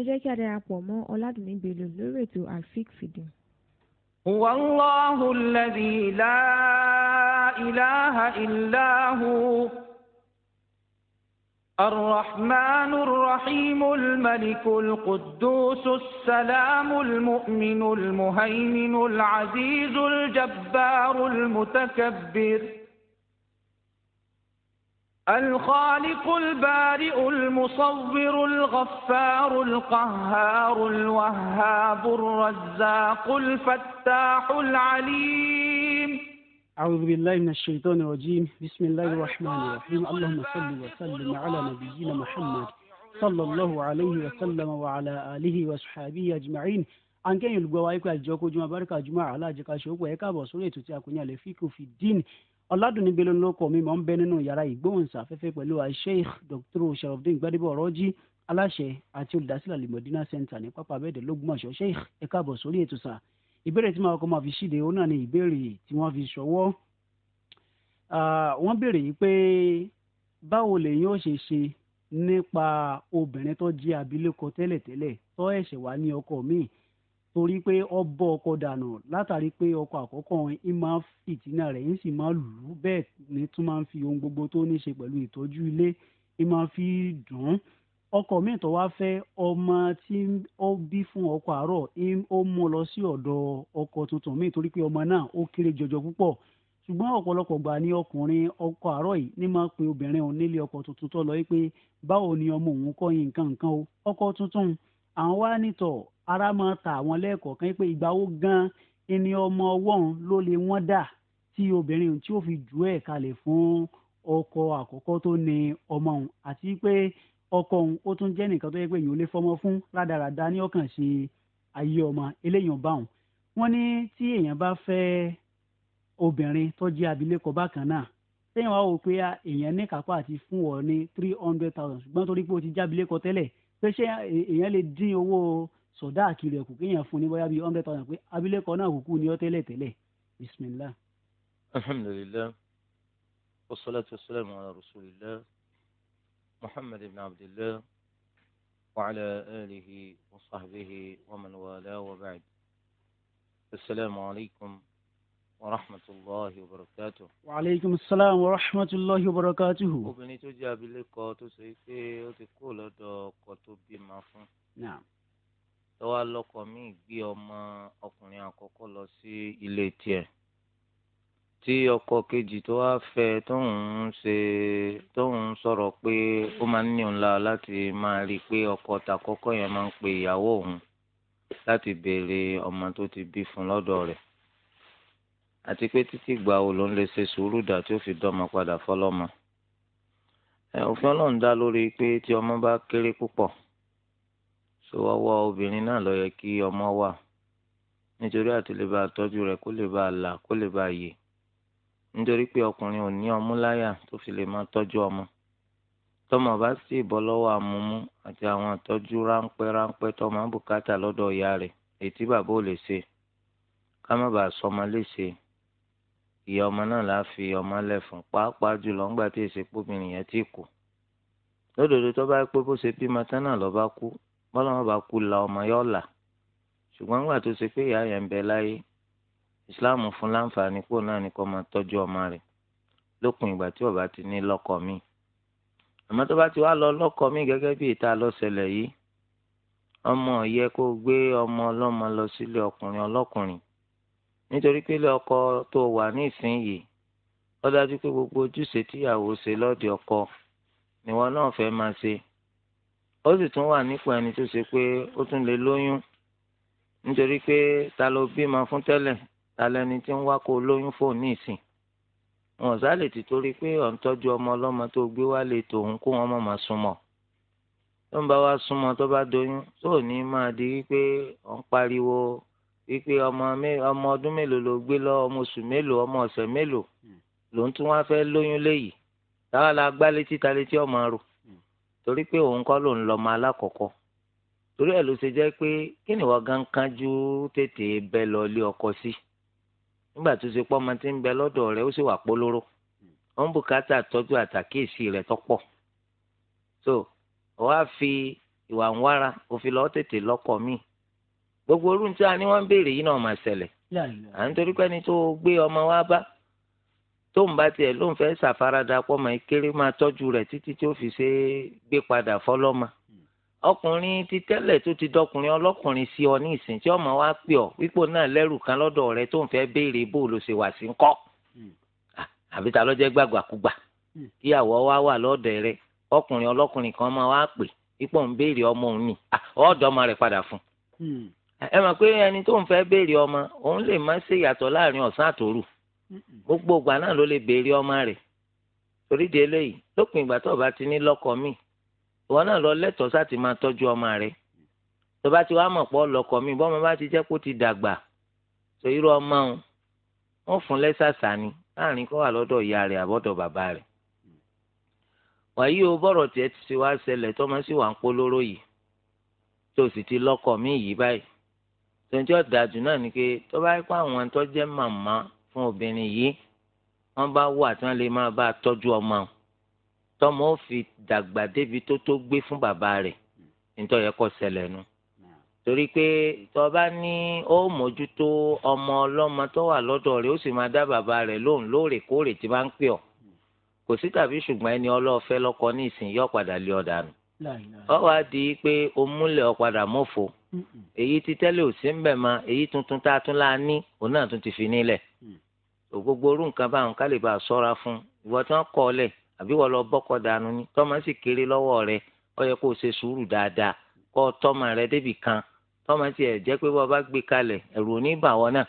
ẹ jẹ́ kí a darapọ̀ mọ́ ọ̀làdùnní bello lórí ètò alfik fìdí. huwa allahu alladhi la ilaha illa hu الرحمن الرحيم الملك القدوس السلام المؤمن المهيمن العزيز الجبار المتكبر الخالق البارئ المصور الغفار القهار الوهاب الرزاق الفتاح العليم أعوذ بالله من الشيطان الرجيم بسم الله الرحمن الرحيم اللهم صل وسلم على نبينا محمد صلى الله عليه وسلم وعلى آله وصحبه أجمعين àǹkẹ́yìn olùgbọ́ wa ikú àjọkójúmọ́ abáríkà jùmọ̀ aláàjẹká ṣòwò ẹ̀ka àbọ̀ sórí ètò tí a kò ní àlẹ́ fíkù fi dín ọ̀làdùnní bello lóko mi mọ̀ ń bẹ nínú yàrá ìgbóhùnsáfẹ́fẹ́ pẹ̀lú Sheikh Dr. sharafdin gbadebo ọ̀rọ́jì aláṣẹ àti olùdásílẹ̀ alimọ̀dínà center ní pápá abẹ́ẹ̀dẹ̀ lọ́gbọ̀nsọ̀ sheikh ẹ káàbọ̀ sórí ètò sà ìbéèrè tí màá kọ́ máa fi ṣíde ó náà ni ìbéèrè tí wọ́n fi ṣọwọ́ wọ́n béèrè yìí pé báwo lèyìn ó ṣe ṣe nípa obìnrin tó jẹ́ abilékọ tẹ́lẹ̀tẹ́lẹ̀ tó ẹ̀ṣẹ̀ wá ní ọkọ míì torí pé ọbọ ọkọ dànù látàrí pé ọkọ àkọ́kọ́ ń máa fìtínà rẹ̀ ń sì máa lù ú bẹ́ẹ̀ ni tún máa ń fi ohun gbogbo tó ní ṣe pẹ̀lú ìtọ́jú ilé ń máa fi dùn ún ọkọ míì tó wá fẹ́ ọmọ tí ó bí fún ọkọ àárọ̀ ó mú lọ sí ọ̀dọ̀ ọkọ tuntun míì torí pé ọmọ náà ó kéré jọjọ púpọ̀ ṣùgbọ́n ọ̀pọ̀lọpọ̀ gbà ní ọkùnrin ọkọ àárọ̀ yìí ní máa pe obìnrin òun nílé ọkọ tuntun tó lọ wípé báwo ni ọmọ òun kọ́ yìí nǹkan nǹkan o ọkọ tuntun àwọn wá nítọ̀ ara máa ta àwọn lẹ́ẹ̀kọ̀ọ̀kan pé ìgbà wo gan ẹni ọmọ ọwọ́ òun ló lè wọ́n dà tí obìnrin tí ó fi jù ẹ̀ kalẹ̀ fún ọkọ àkọ́kọ́ tó ní ọmọ òun àti pé ọkọ òun ó tún jẹ́ nìkan tó yẹ pé èèyàn lè fọmọ fún rádaràda ní ọkàn ṣe ayé ọmọ eléyàn bá òun wọ́n ní tí èèyàn bá fẹ́ obìnrin tó jẹ́ abilékọ bákan náà téèyàn wá wò pé èèyàn ní kápá àti fún ọ ní three hundred thousand ṣùgbọ́n torí pé o ti jábìlẹ́kọ tẹ́lẹ̀ pé ṣé èèyàn lè dín owó sọ̀dá àkìrì ẹ̀kú kéèyàn fún ní bóyá bíi hundred thousand pé abilékọ náà kúkú ni ó tẹ́lẹ̀ tẹ́lẹ̀ bismillah. alhamdulilayi wasalaatu wasalaamu ala rasulillah muhammad ibn abdillah wa ala alihi wa sahbihi wa man wala wa ba'd asalaamu alaykum wa rahmatulahi wa barakatuh. wa aleykum salaam wa rahmatulahi wa barakatuh. obìnrin tó jẹ́ abilékọ tó ṣe é pé ó ti kó lọ́dọ̀ ọkọ tó bímọ fún. naam lọ́wọ́ alọ́kọ mi gbé ọmọ ọkùnrin àkọ́kọ́ lọ sí ilé tiẹ̀ tí ọkọ kejì tó wá fẹ́ tóun ń ṣe tóun ń sọ̀rọ̀ pé ó máa ń ní òun la láti máa rí i pé ọkọ tàkọ́kọ́ yẹn máa ń pe ìyàwó òun láti béèrè ọmọ tó ti bí fún lọ́dọ̀ rẹ̀ àti pé títí gbà wo ló ń lè ṣe sùúrù dà tí ó fi dọ́mọ padà fọlọ́mọ. òfin ọlọ́run dá lórí pé tí ọmọ bá kéré púpọ̀ so ọwọ́ obìnrin náà ló yẹ kí ọmọ wà nítorí àti lè bá tọ́jú rẹ̀ kó lè bá là kó lè bá yè nítorí pé ọkùnrin ò ní ọmú láyà tó fi lè máa tọ́jú ọmọ tọmọ bá sì bọ́ lọ́wọ́ àmúmú àti àwọn àtọ́jú ráńpẹ́ ráńpẹ́ tọmọ bùkátà lọ́dọ̀ ìyá rẹ̀ ètí bàbá ò lè ṣe ká má bàa sọmọ léṣe ìyá ọmọ náà láà fi ọmọ lẹ́fun pàápàá jùlọ ńgbà tí èsì pómìnir yẹn ti kù lódodo tó bá pé bó ṣe bímọ tán náà lọ́ọ́ bá kú bọ́lá wọn bá kú la ọmọ yọ là ṣùgbọ́n nígbà tó ṣe pé ìyá yẹn ń bẹ láyé ìsìláàmù fún láǹfààní kúrò náà ní kó máa tọ́jú ọmọ rẹ̀ lópin ìgbà tí ó bá ti ní lọ́kọ mi àmọ́ tó bá ti wá lọ lọ́kọ mi gẹ́gẹ́ bí ìta lọ́sẹ̀lẹ̀ yìí ọmọ yẹ kó gbé ọmọ ọlọ́mọ lọ sílé ọkùnrin ọlọ́kùnrin nítorí pé ilé ọkọ tó wà nísìnyìí ó dájú pé gbogbo ojúṣe tíyàwó ṣe lọ́ọ̀dì ọkọ ni wọn náà fẹ́ máa ṣe ó sì tún wà nípò ẹni tó ṣe pé ó tún lè lóyún nítorí pé ta ló bímọ fún tẹ́lẹ̀ ta lẹni tí ń wá kó lóyún fò ní ìsìn wọn sá lè ti torí pé ọ̀ ń tọ́jú ọmọ ọlọ́mọ tó gbé wá lè tòun kó wọn mọ̀ súnmọ́ tó ń bá wa súnmọ́ tó bá doyún tó ní máa di wípé ọ̀ ń pariwo wípé ọmọ ọdún mélòó ló gbé lọ ọmọ oṣù mélòó ọmọ ọ̀sẹ̀ mélòó hmm. ló tún wá fẹ́ lóyún léyìí táwa la gbá létí ta létí ọmọ rò torí pé òun kọ́ ló ń lọ ọmọ alákọ̀ọ́kọ́ torí ẹ̀ ló ṣe jẹ́ pé kí ni wọ́n gan kánjú tètè bẹ́ lọ ilé ọkọ sí nígbà tó ṣe pọ́ ọmọ tí ń bẹ lọ́dọ̀ rẹ̀ ó sì wà polóró ó ń bùkátà tọ́jú àtàkíyèsí rẹ̀ tọ́pọ̀ so wọ́n á fi ìwà ń wára òfin lọ́ọ́ tètè lọ́kọ̀ mi gbogbo orúntí a ní wọ́n ń béèrè yìí náà máa ṣẹlẹ̀ à ń torí pé tó gbé ọmọ wa bá tóun bá tiẹ̀ lóun fẹ́ ṣàfaradà pọ́mọ ìkéré máa tọ́jú rẹ̀ títí tí ó fi ṣe é gbé padà fọlọ́mọ ọkùnrin ti tẹ́lẹ̀ tó ti dọkùnrin ọlọ́kùnrin sí ọ ní ìsìn tí ọmọ wa pè ọ wípò náà lẹ́rù kan lọ́dọ̀ rẹ tó ń fẹ́ béèrè bó ṣe wà sí ń kọ́ wa hmm. ah, hmm. wà lọ́dọ̀ rẹ ọkùnrin ọlọ́kùnrin kan máa wá pè wípò ń béèrè ọmọ òun nì ọ̀dọ̀ ah, ọmọ rẹ̀ padà fún hmm. ẹ mọ̀ pé ọmọ òun lè má ṣèyàtọ̀ láàrin ọ̀sán àtòrù. gbogbo ìgbà náà ló lè béèrè ọmọ rẹ̀ torí de eléyìí lópin ìgbà tó o bá ti ní lọ́kọ míì ìwọ náà lọ lẹ́tọ̀ọ́ sáti máa tọ́jú ọmọ rẹ̀ tó bá ti wá mọ̀ pọ̀ lọ́kọ míì bọ́mọ bá ti jẹ́ kó ti dàgbà tó irú ọmọ òun wọ́n fún lẹ́sàsà ni láàrin kó wà lọ́dọ̀ ìyá rẹ̀ àbọ̀dọ̀ bàbá rẹ̀ wàyí o bọ̀rọ̀ tiẹ̀ ti ṣe wá ṣẹlẹ̀ tọ́mọ sì wà ń polóró yìí tó sì ti lọ́kọ míì yìí báyìí tòun tí ó dájú náà ni pé tó bá yẹ kó àwọn tó jẹ́ màmá fún obìnrin yìí wọ́n bá wà tí wọ́n lè máa bá a tọ́jú ọmọ àwọn tọ́mọ ó fi dàgbà débi tó tó gbé fún bàbá rẹ̀ nítorí ẹ̀kọ́ ṣẹlẹ̀ nu torí pé tó bá ní ó mójútó ọmọ ọlọ́mọ tó wà lọ́dọ̀ rẹ̀ ó sì máa dá bàbá rẹ̀ lóhùn lóòrèkóòrè tí bá ń pè ọ́ kò sí tàbí ṣùgbọ́n ẹni ọlọ́ọ̀fẹ́ lọ́kọ ní ìsìn yóò padà lé ọ̀dà nù ọ wá di pé o múlẹ̀ ọ padà mọ́fọ́ èyí ti tẹ́lẹ̀ ò sí ń bẹ̀ mọ́ èyí tuntun tá a tún láà ní òun náà tún ti fi nílẹ̀ ògbógbó hmm. orú nǹkan báwọn ká lè bá a sọ́ra fún ìwọ tí wọ́n kọ́ ọ lẹ̀ àbí wọ́n lọ bọ́kọ̀ dànù ni tọ́mọ sì kéré lọ́wọ́ rẹ ó yẹ kó o ṣe sùúrù dáadáa kọ́ tọ́mọ rẹ débì kan tọ́mọ tiẹ̀ jẹ́ pé bọ́ bá gbé kalẹ̀ ẹ̀rù òní bà wọ́n náà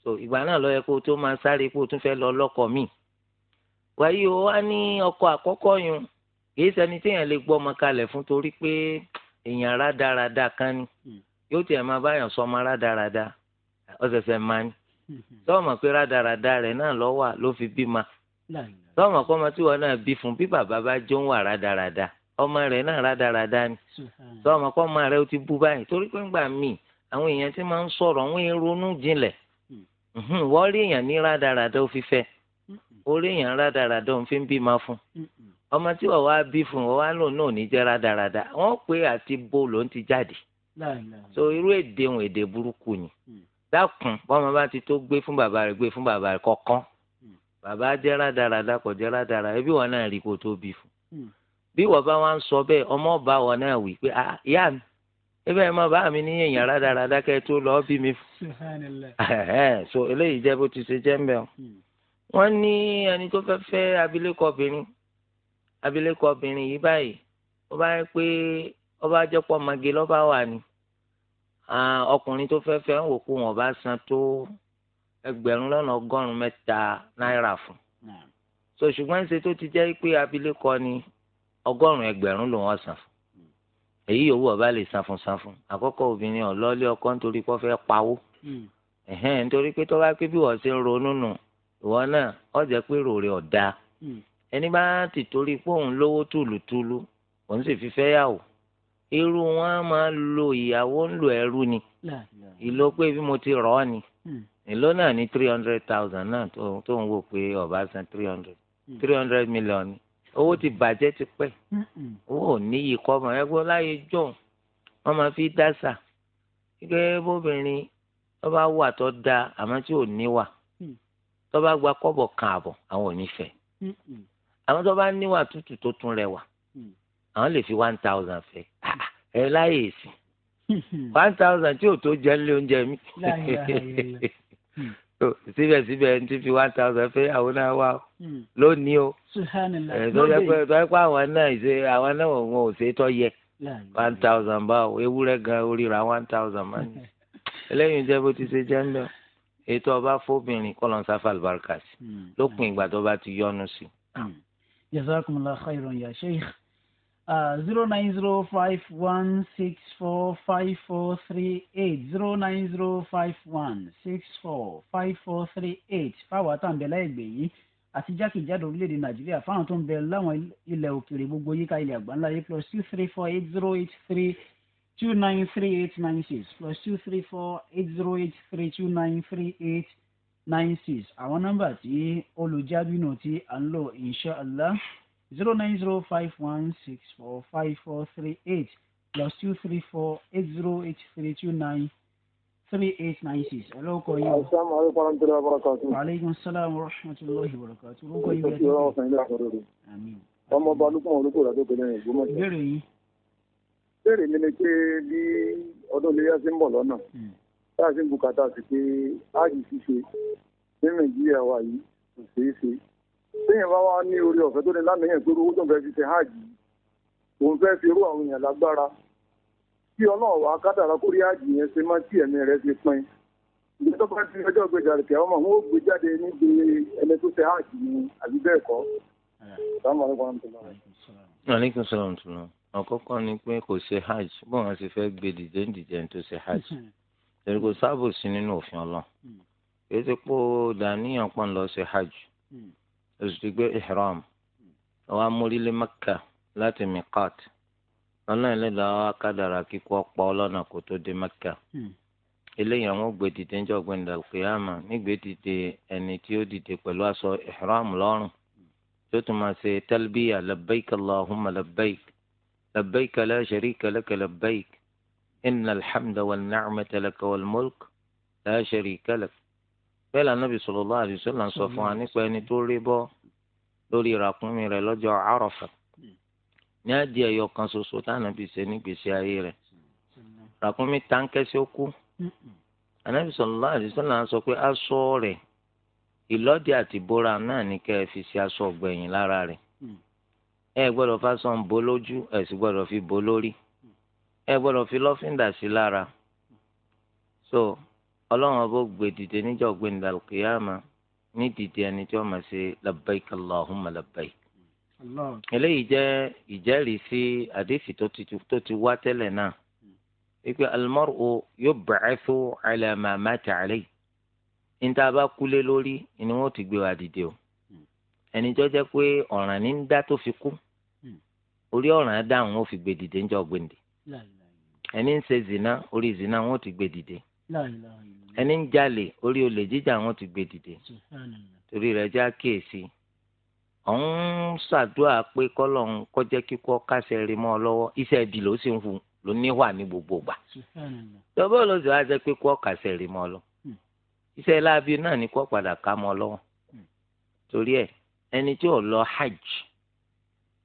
so ìgbà náà ló yẹ kó o tó máa sáré kó o tún fẹ́ lọ lọ́kọ̀ míì wáyé o wá ní ọkọ̀ àkọ́kọ́ yun kì í ṣẹni téèyàn lè gbọ́ ọmọ kalẹ̀ fún torí pé èèyàn rádaràda kan ni hmm. yóò tiẹ̀ máa báyàn sọmọ rádaràda ọ̀sẹ̀sẹ̀ máa ní sọ́ọ̀mọ̀ hmm. pé rádaràda rẹ̀ náà lọ́ fi ma sọ́ọ̀mọ̀ kọ́mọ tí náà bí fún bí bàbá bá jó ń wà rádaràda ọmọ rẹ̀ náà rádaràda ni sọ́ọ̀mọ̀ kọ́mọ rẹ̀ ó ti bú báyìí torí pé àwọn èèyàn ti máa ń sọ̀rọ̀ wọ́n ń ronú jinlẹ̀ hmm. wọ́n rí èèyàn ní rádaràda ọmọ tí wàá wá bí fún wọn wá lòun náà ní jẹ́ rádaràda wọ́n pé àti bó lòun ti jáde so irú èdè òun èdè burúkú ni hmm. dákun bọ́mọ bá ti tó gbé fún bàbá rẹ̀ gbé fún bàbá rẹ̀ kọ̀ọ̀kan hmm. bàbá jẹ́ rádaràda kò jẹ́ rádaràda ẹbí wọn náà rí kó tó bí fún hmm. bí wọ́n bá wá sọ bẹ́ẹ̀ ọmọ ọba wọn náà wí pé ah, ìyá mi ebe ẹ mọ bá mi ní èèyàn rádaràda kẹ tó lọ bí mi fún so eléyìí jẹ́ bó ti ṣe jẹ́ ń bẹ wọn ní ẹni tó fẹ́ fẹ́ abilékọ obìnrin abilékọ obìnrin yìí báyìí ó bá yẹ pé ọba àjọpọ̀ mage lọ́ba wà ní ọkùnrin tó fẹ́ fẹ́ ń wò kó wọn bá san tó ẹgbẹ̀rún lọ́nà ọgọ́rùn-ún mẹ́ta náírà fún so ṣùgbọ́n ṣe tó ti jẹ́ pé abilékọ ni ọgọ́rùn-ún ẹgbẹ̀rún ló wọ́n san fún èyí yòówù ọba lè san fún san fún àkọ́kọ́ obìnrin ọ̀lọ́lé ọkọ nítorí pé ó fẹ́ pawó hmm. nítorí pé tó bá pé bí wọ́n ṣe ń ronú nù ìwọ náà ó jẹ́ pé rò rẹ̀ ọ̀dà ẹni bá ti torí pé òun lówó túlùtúlù òun sì fi fẹ́ yàwó irú wọn máa lo ìyàwó ń lo ẹrú ni ìlò pé bí mo ti rọ̀ ọ́ ni hmm. ìlò náà ní three hundred thousand náà tó ń wò pé ọba san three hundred hmm. three hundred million ni owó ti bàjẹ́ ti pẹ́ owó ò níyì kọ́ ọmọ ẹgbẹ́ láyé jọ wọ́n máa fi dáṣà gẹ́gẹ́ bóbìnrin tó bá wà tó da àmọ́ tí ò ní wà hmm. tó bá gba kọ́bọ̀ kan àbọ̀ àwọn ò ní fẹ́ àwọn tó bá níwà tútù tó tún rẹwà hmm. àwọn lè fi one thousand fẹ́ ah, hmm. ah, ẹ láyè ìsìn hmm. one thousand tí ò tó jẹ nílé oúnjẹ mi síbẹ̀síbẹ̀ ẹni tí fi one thousand fẹ́ àwọn náà wà lónìí o ẹ̀ẹ́dọ́jọ́ eh, pé àwọn náà ṣe àwọn náà wọn ò ṣe tọ́ yẹ one thousand báwo ewúrẹ́ gan orí one thousand máa ń ẹlẹ́yìn jẹ́ bó ti ṣe jẹ́ ń bẹ̀ ètò ọba fóbìnrin kọ́ lùbáríkà sí lópin ìgbà tó bá ti yọnu sí jazakumullah khairan ya sheikh uh, zero nine zero five one six four five four three eight zero nine zero five one six four five four three eight fáwọn àtàǹbẹ̀lá ẹ̀gbẹ́ yìí àti jákèjádò orílẹ̀-èdè nàìjíríà fáwọn tó ń bẹ láwọn ilẹ̀ òkèèrè gbogbo yíká ilẹ̀ àgbáńlá yìí plus two three four eight zero eight three two nine three eight nine six plus two three four eight zero eight three two nine three eight nine six àwọn nọ́mbà tí olùjábínú tí à ń lò inshàlá zero nine zero five one six four five four three eight plus two three four eight zero eight three two nine three eight nine six. ẹ ló kọ yín o. asalaamualeykum wa rahmatulahi wa ọmọ ọba lukuma olùkọ́ ìdájọ́ pẹ̀lú ẹ̀yìn ìgbọ́mọ̀. ìbéèrè yín. ìbéèrè mi ni pé bí ọdún iléyà ti ń bọ̀ lọ́nà. Hmm táàsì bùkátà sí pé áàjì ṣíṣe ní nàìjíríà wa yìí kò ṣeé ṣe téèyàn bá wá ní orí ọ̀fẹ́ tó ní lánàáyàn pé owó tó ń fẹ́ fi ṣe áàjì òun fẹ́ fi rú àwọn èèyàn lágbára kí ọlọ́run wá kádàrá kórí áàjì yẹn ṣe má tí ẹ̀mí rẹ̀ ṣe pin ìgbà tó bá ti ọjọ́ ìgbèjà rẹ̀ kẹ́wọ́n wọn ó gbé jáde níbi ẹni tó ṣe áàjì ni àbí bẹ́ẹ̀ kọ́ sàmúlò àwọn ọmọ tó lọ. àkọ́kọ́ ni pé kò ṣe hajj bọ́n wọn sì fẹ́ gbé dìde dìde tó ṣe hajj. torí kò sábòsí nínú òfin ọlọ́run èyí hmm. hmm. ti pọ̀ dàníyàn pọ̀ ń lọ sí hajj oṣù tí gbé ihram àwọn hmm. amórílé mẹ́kà láti miqat ọlọ́run ẹlẹ́dàá wa kádàrà kíkọ́ pa ọlọ́nà kó tó dé mẹ́kà eléyìí àwọn ògbé dìde ń jọ gbẹ̀ndà kìyàmà nígbè dìde ẹni tí ó dìde pẹ̀lú aṣọ ihram lọ́rùn tó tún máa ṣe talbiya labbaik allahumma labbaik labbaik la sharika laka إن الحمد والنعمة لك والملك لا شريك لك bẹ́ẹ̀ la nàbì sallallahu alaihi wasallam ń sọ fún wa nípa ẹni tó rí bọ́ lórí ìràkúnmí rẹ̀ lọ́jọ́ Àrafà ní àdìẹ ẹyọ kan ṣoṣo tánàbì ṣe nígbèsí ayé rẹ̀ ìràkúnmí táǹkẹ́sí ó kú ànàbì sallallahu alaihi wasallam ń sọ pé aṣọ rẹ̀ ìlọ́dẹ àti ìbora náà ní kẹ́ ẹ fi ṣe aṣọ ọ̀gbẹ̀yìn lára rẹ̀ ẹ gbọ́dọ̀ fásán bo lójú ẹ sì gbọ́dọ̀ fi bo lórí. Mm ẹ gbọ́dọ̀ fi lọ́fíńdà sí lára so ọlọ́run ọba gbé dìde níjọ́ gbẹ̀ndà kìyàmà ní dìde ẹni tí wọ́n máa ṣe labbaik allahumma labbaik. eléyìí jẹ́ ìjẹ́rìí sí àdéhìí tó ti wá tẹ́lẹ̀ náà wípé almar'u yub'athu ala ma mata alayhi níta bá kúlé lórí ni wọ́n ti gbé wa dìde o ẹni tó jẹ́ pé ọ̀ràn ní ń dá tó fi kú hmm. orí ọ̀ràn dáhùn ó fi gbé dìde níjọ́ gbẹ̀ndì ẹni ń ṣe zina orí zina wọn ti gbé dìde ẹni ń jalè orí olè jíjà wọn ti gbé dìde torí rẹ̀ já kíyèsí ọ̀hún ṣàdúrà pé kọ́lọ́n kọjẹ́ kíkọ́ kásẹ̀ rí mọ́ ọ lọ́wọ́ iṣẹ́ ibi ló sì ń hu ló níwà ní gbogbo gbà tọ́bọ̀ olóṣù wa jẹ́ pé kọ́ kásẹ̀ rí mọ́ ọ lọ hmm. iṣẹ́ láabi náà ni kọ́ padà ká mọ́ ọ lọ́wọ́ hmm. torí ẹ̀ ẹni tí ò lọ hajj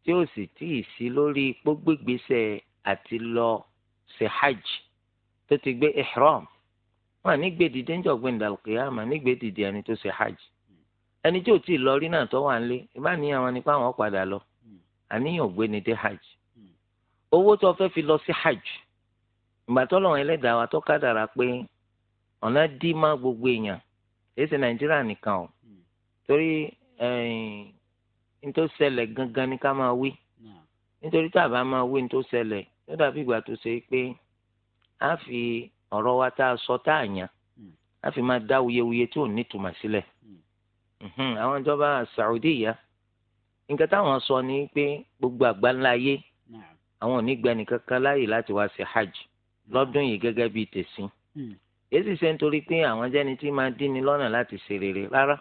tí ó sì tíì sí lórí pógbégbèsè àti lọ se hajj tó ti gbé ihram wọn ní gbé dìde ńjọ gbé ndàlùkìyàmà ní gbé dìde ẹni tó se hajj ẹni tí ò tí ì lọ rí náà tó wà nílé ìbá wọn ni pé àwọn padà lọ àníyàn gbé ni dé hajj owó tó fẹ́ fi lọ sí hajj ìgbà lọ́wọ́ ẹlẹ́dàá wa tó gbogbo èèyàn nàìjíríà nìkan o torí nítorí gangan ni ká máa wí nítorí tá a bá ó dàbí ìgbà tó ṣe pé a fi ọ̀rọ̀ wa tá a sọ tá a yàn hmm. a fi máa dá wuyewuye tí ò ní tùmọ̀ sílẹ̀ hmm. àwọn ìjọba Saudi yá nǹkan táwọn sọ ni pé gbogbo àgbáńlá ayé àwọn ò ní gba ẹnìkan kan láàyè láti wá sí hajj lọ́dún yìí gẹ́gẹ́ bíi tẹ̀sìn èsì hmm. ṣe nítorí pé àwọn jẹ́ni tí máa dín lọ́nà láti ṣe rere rárá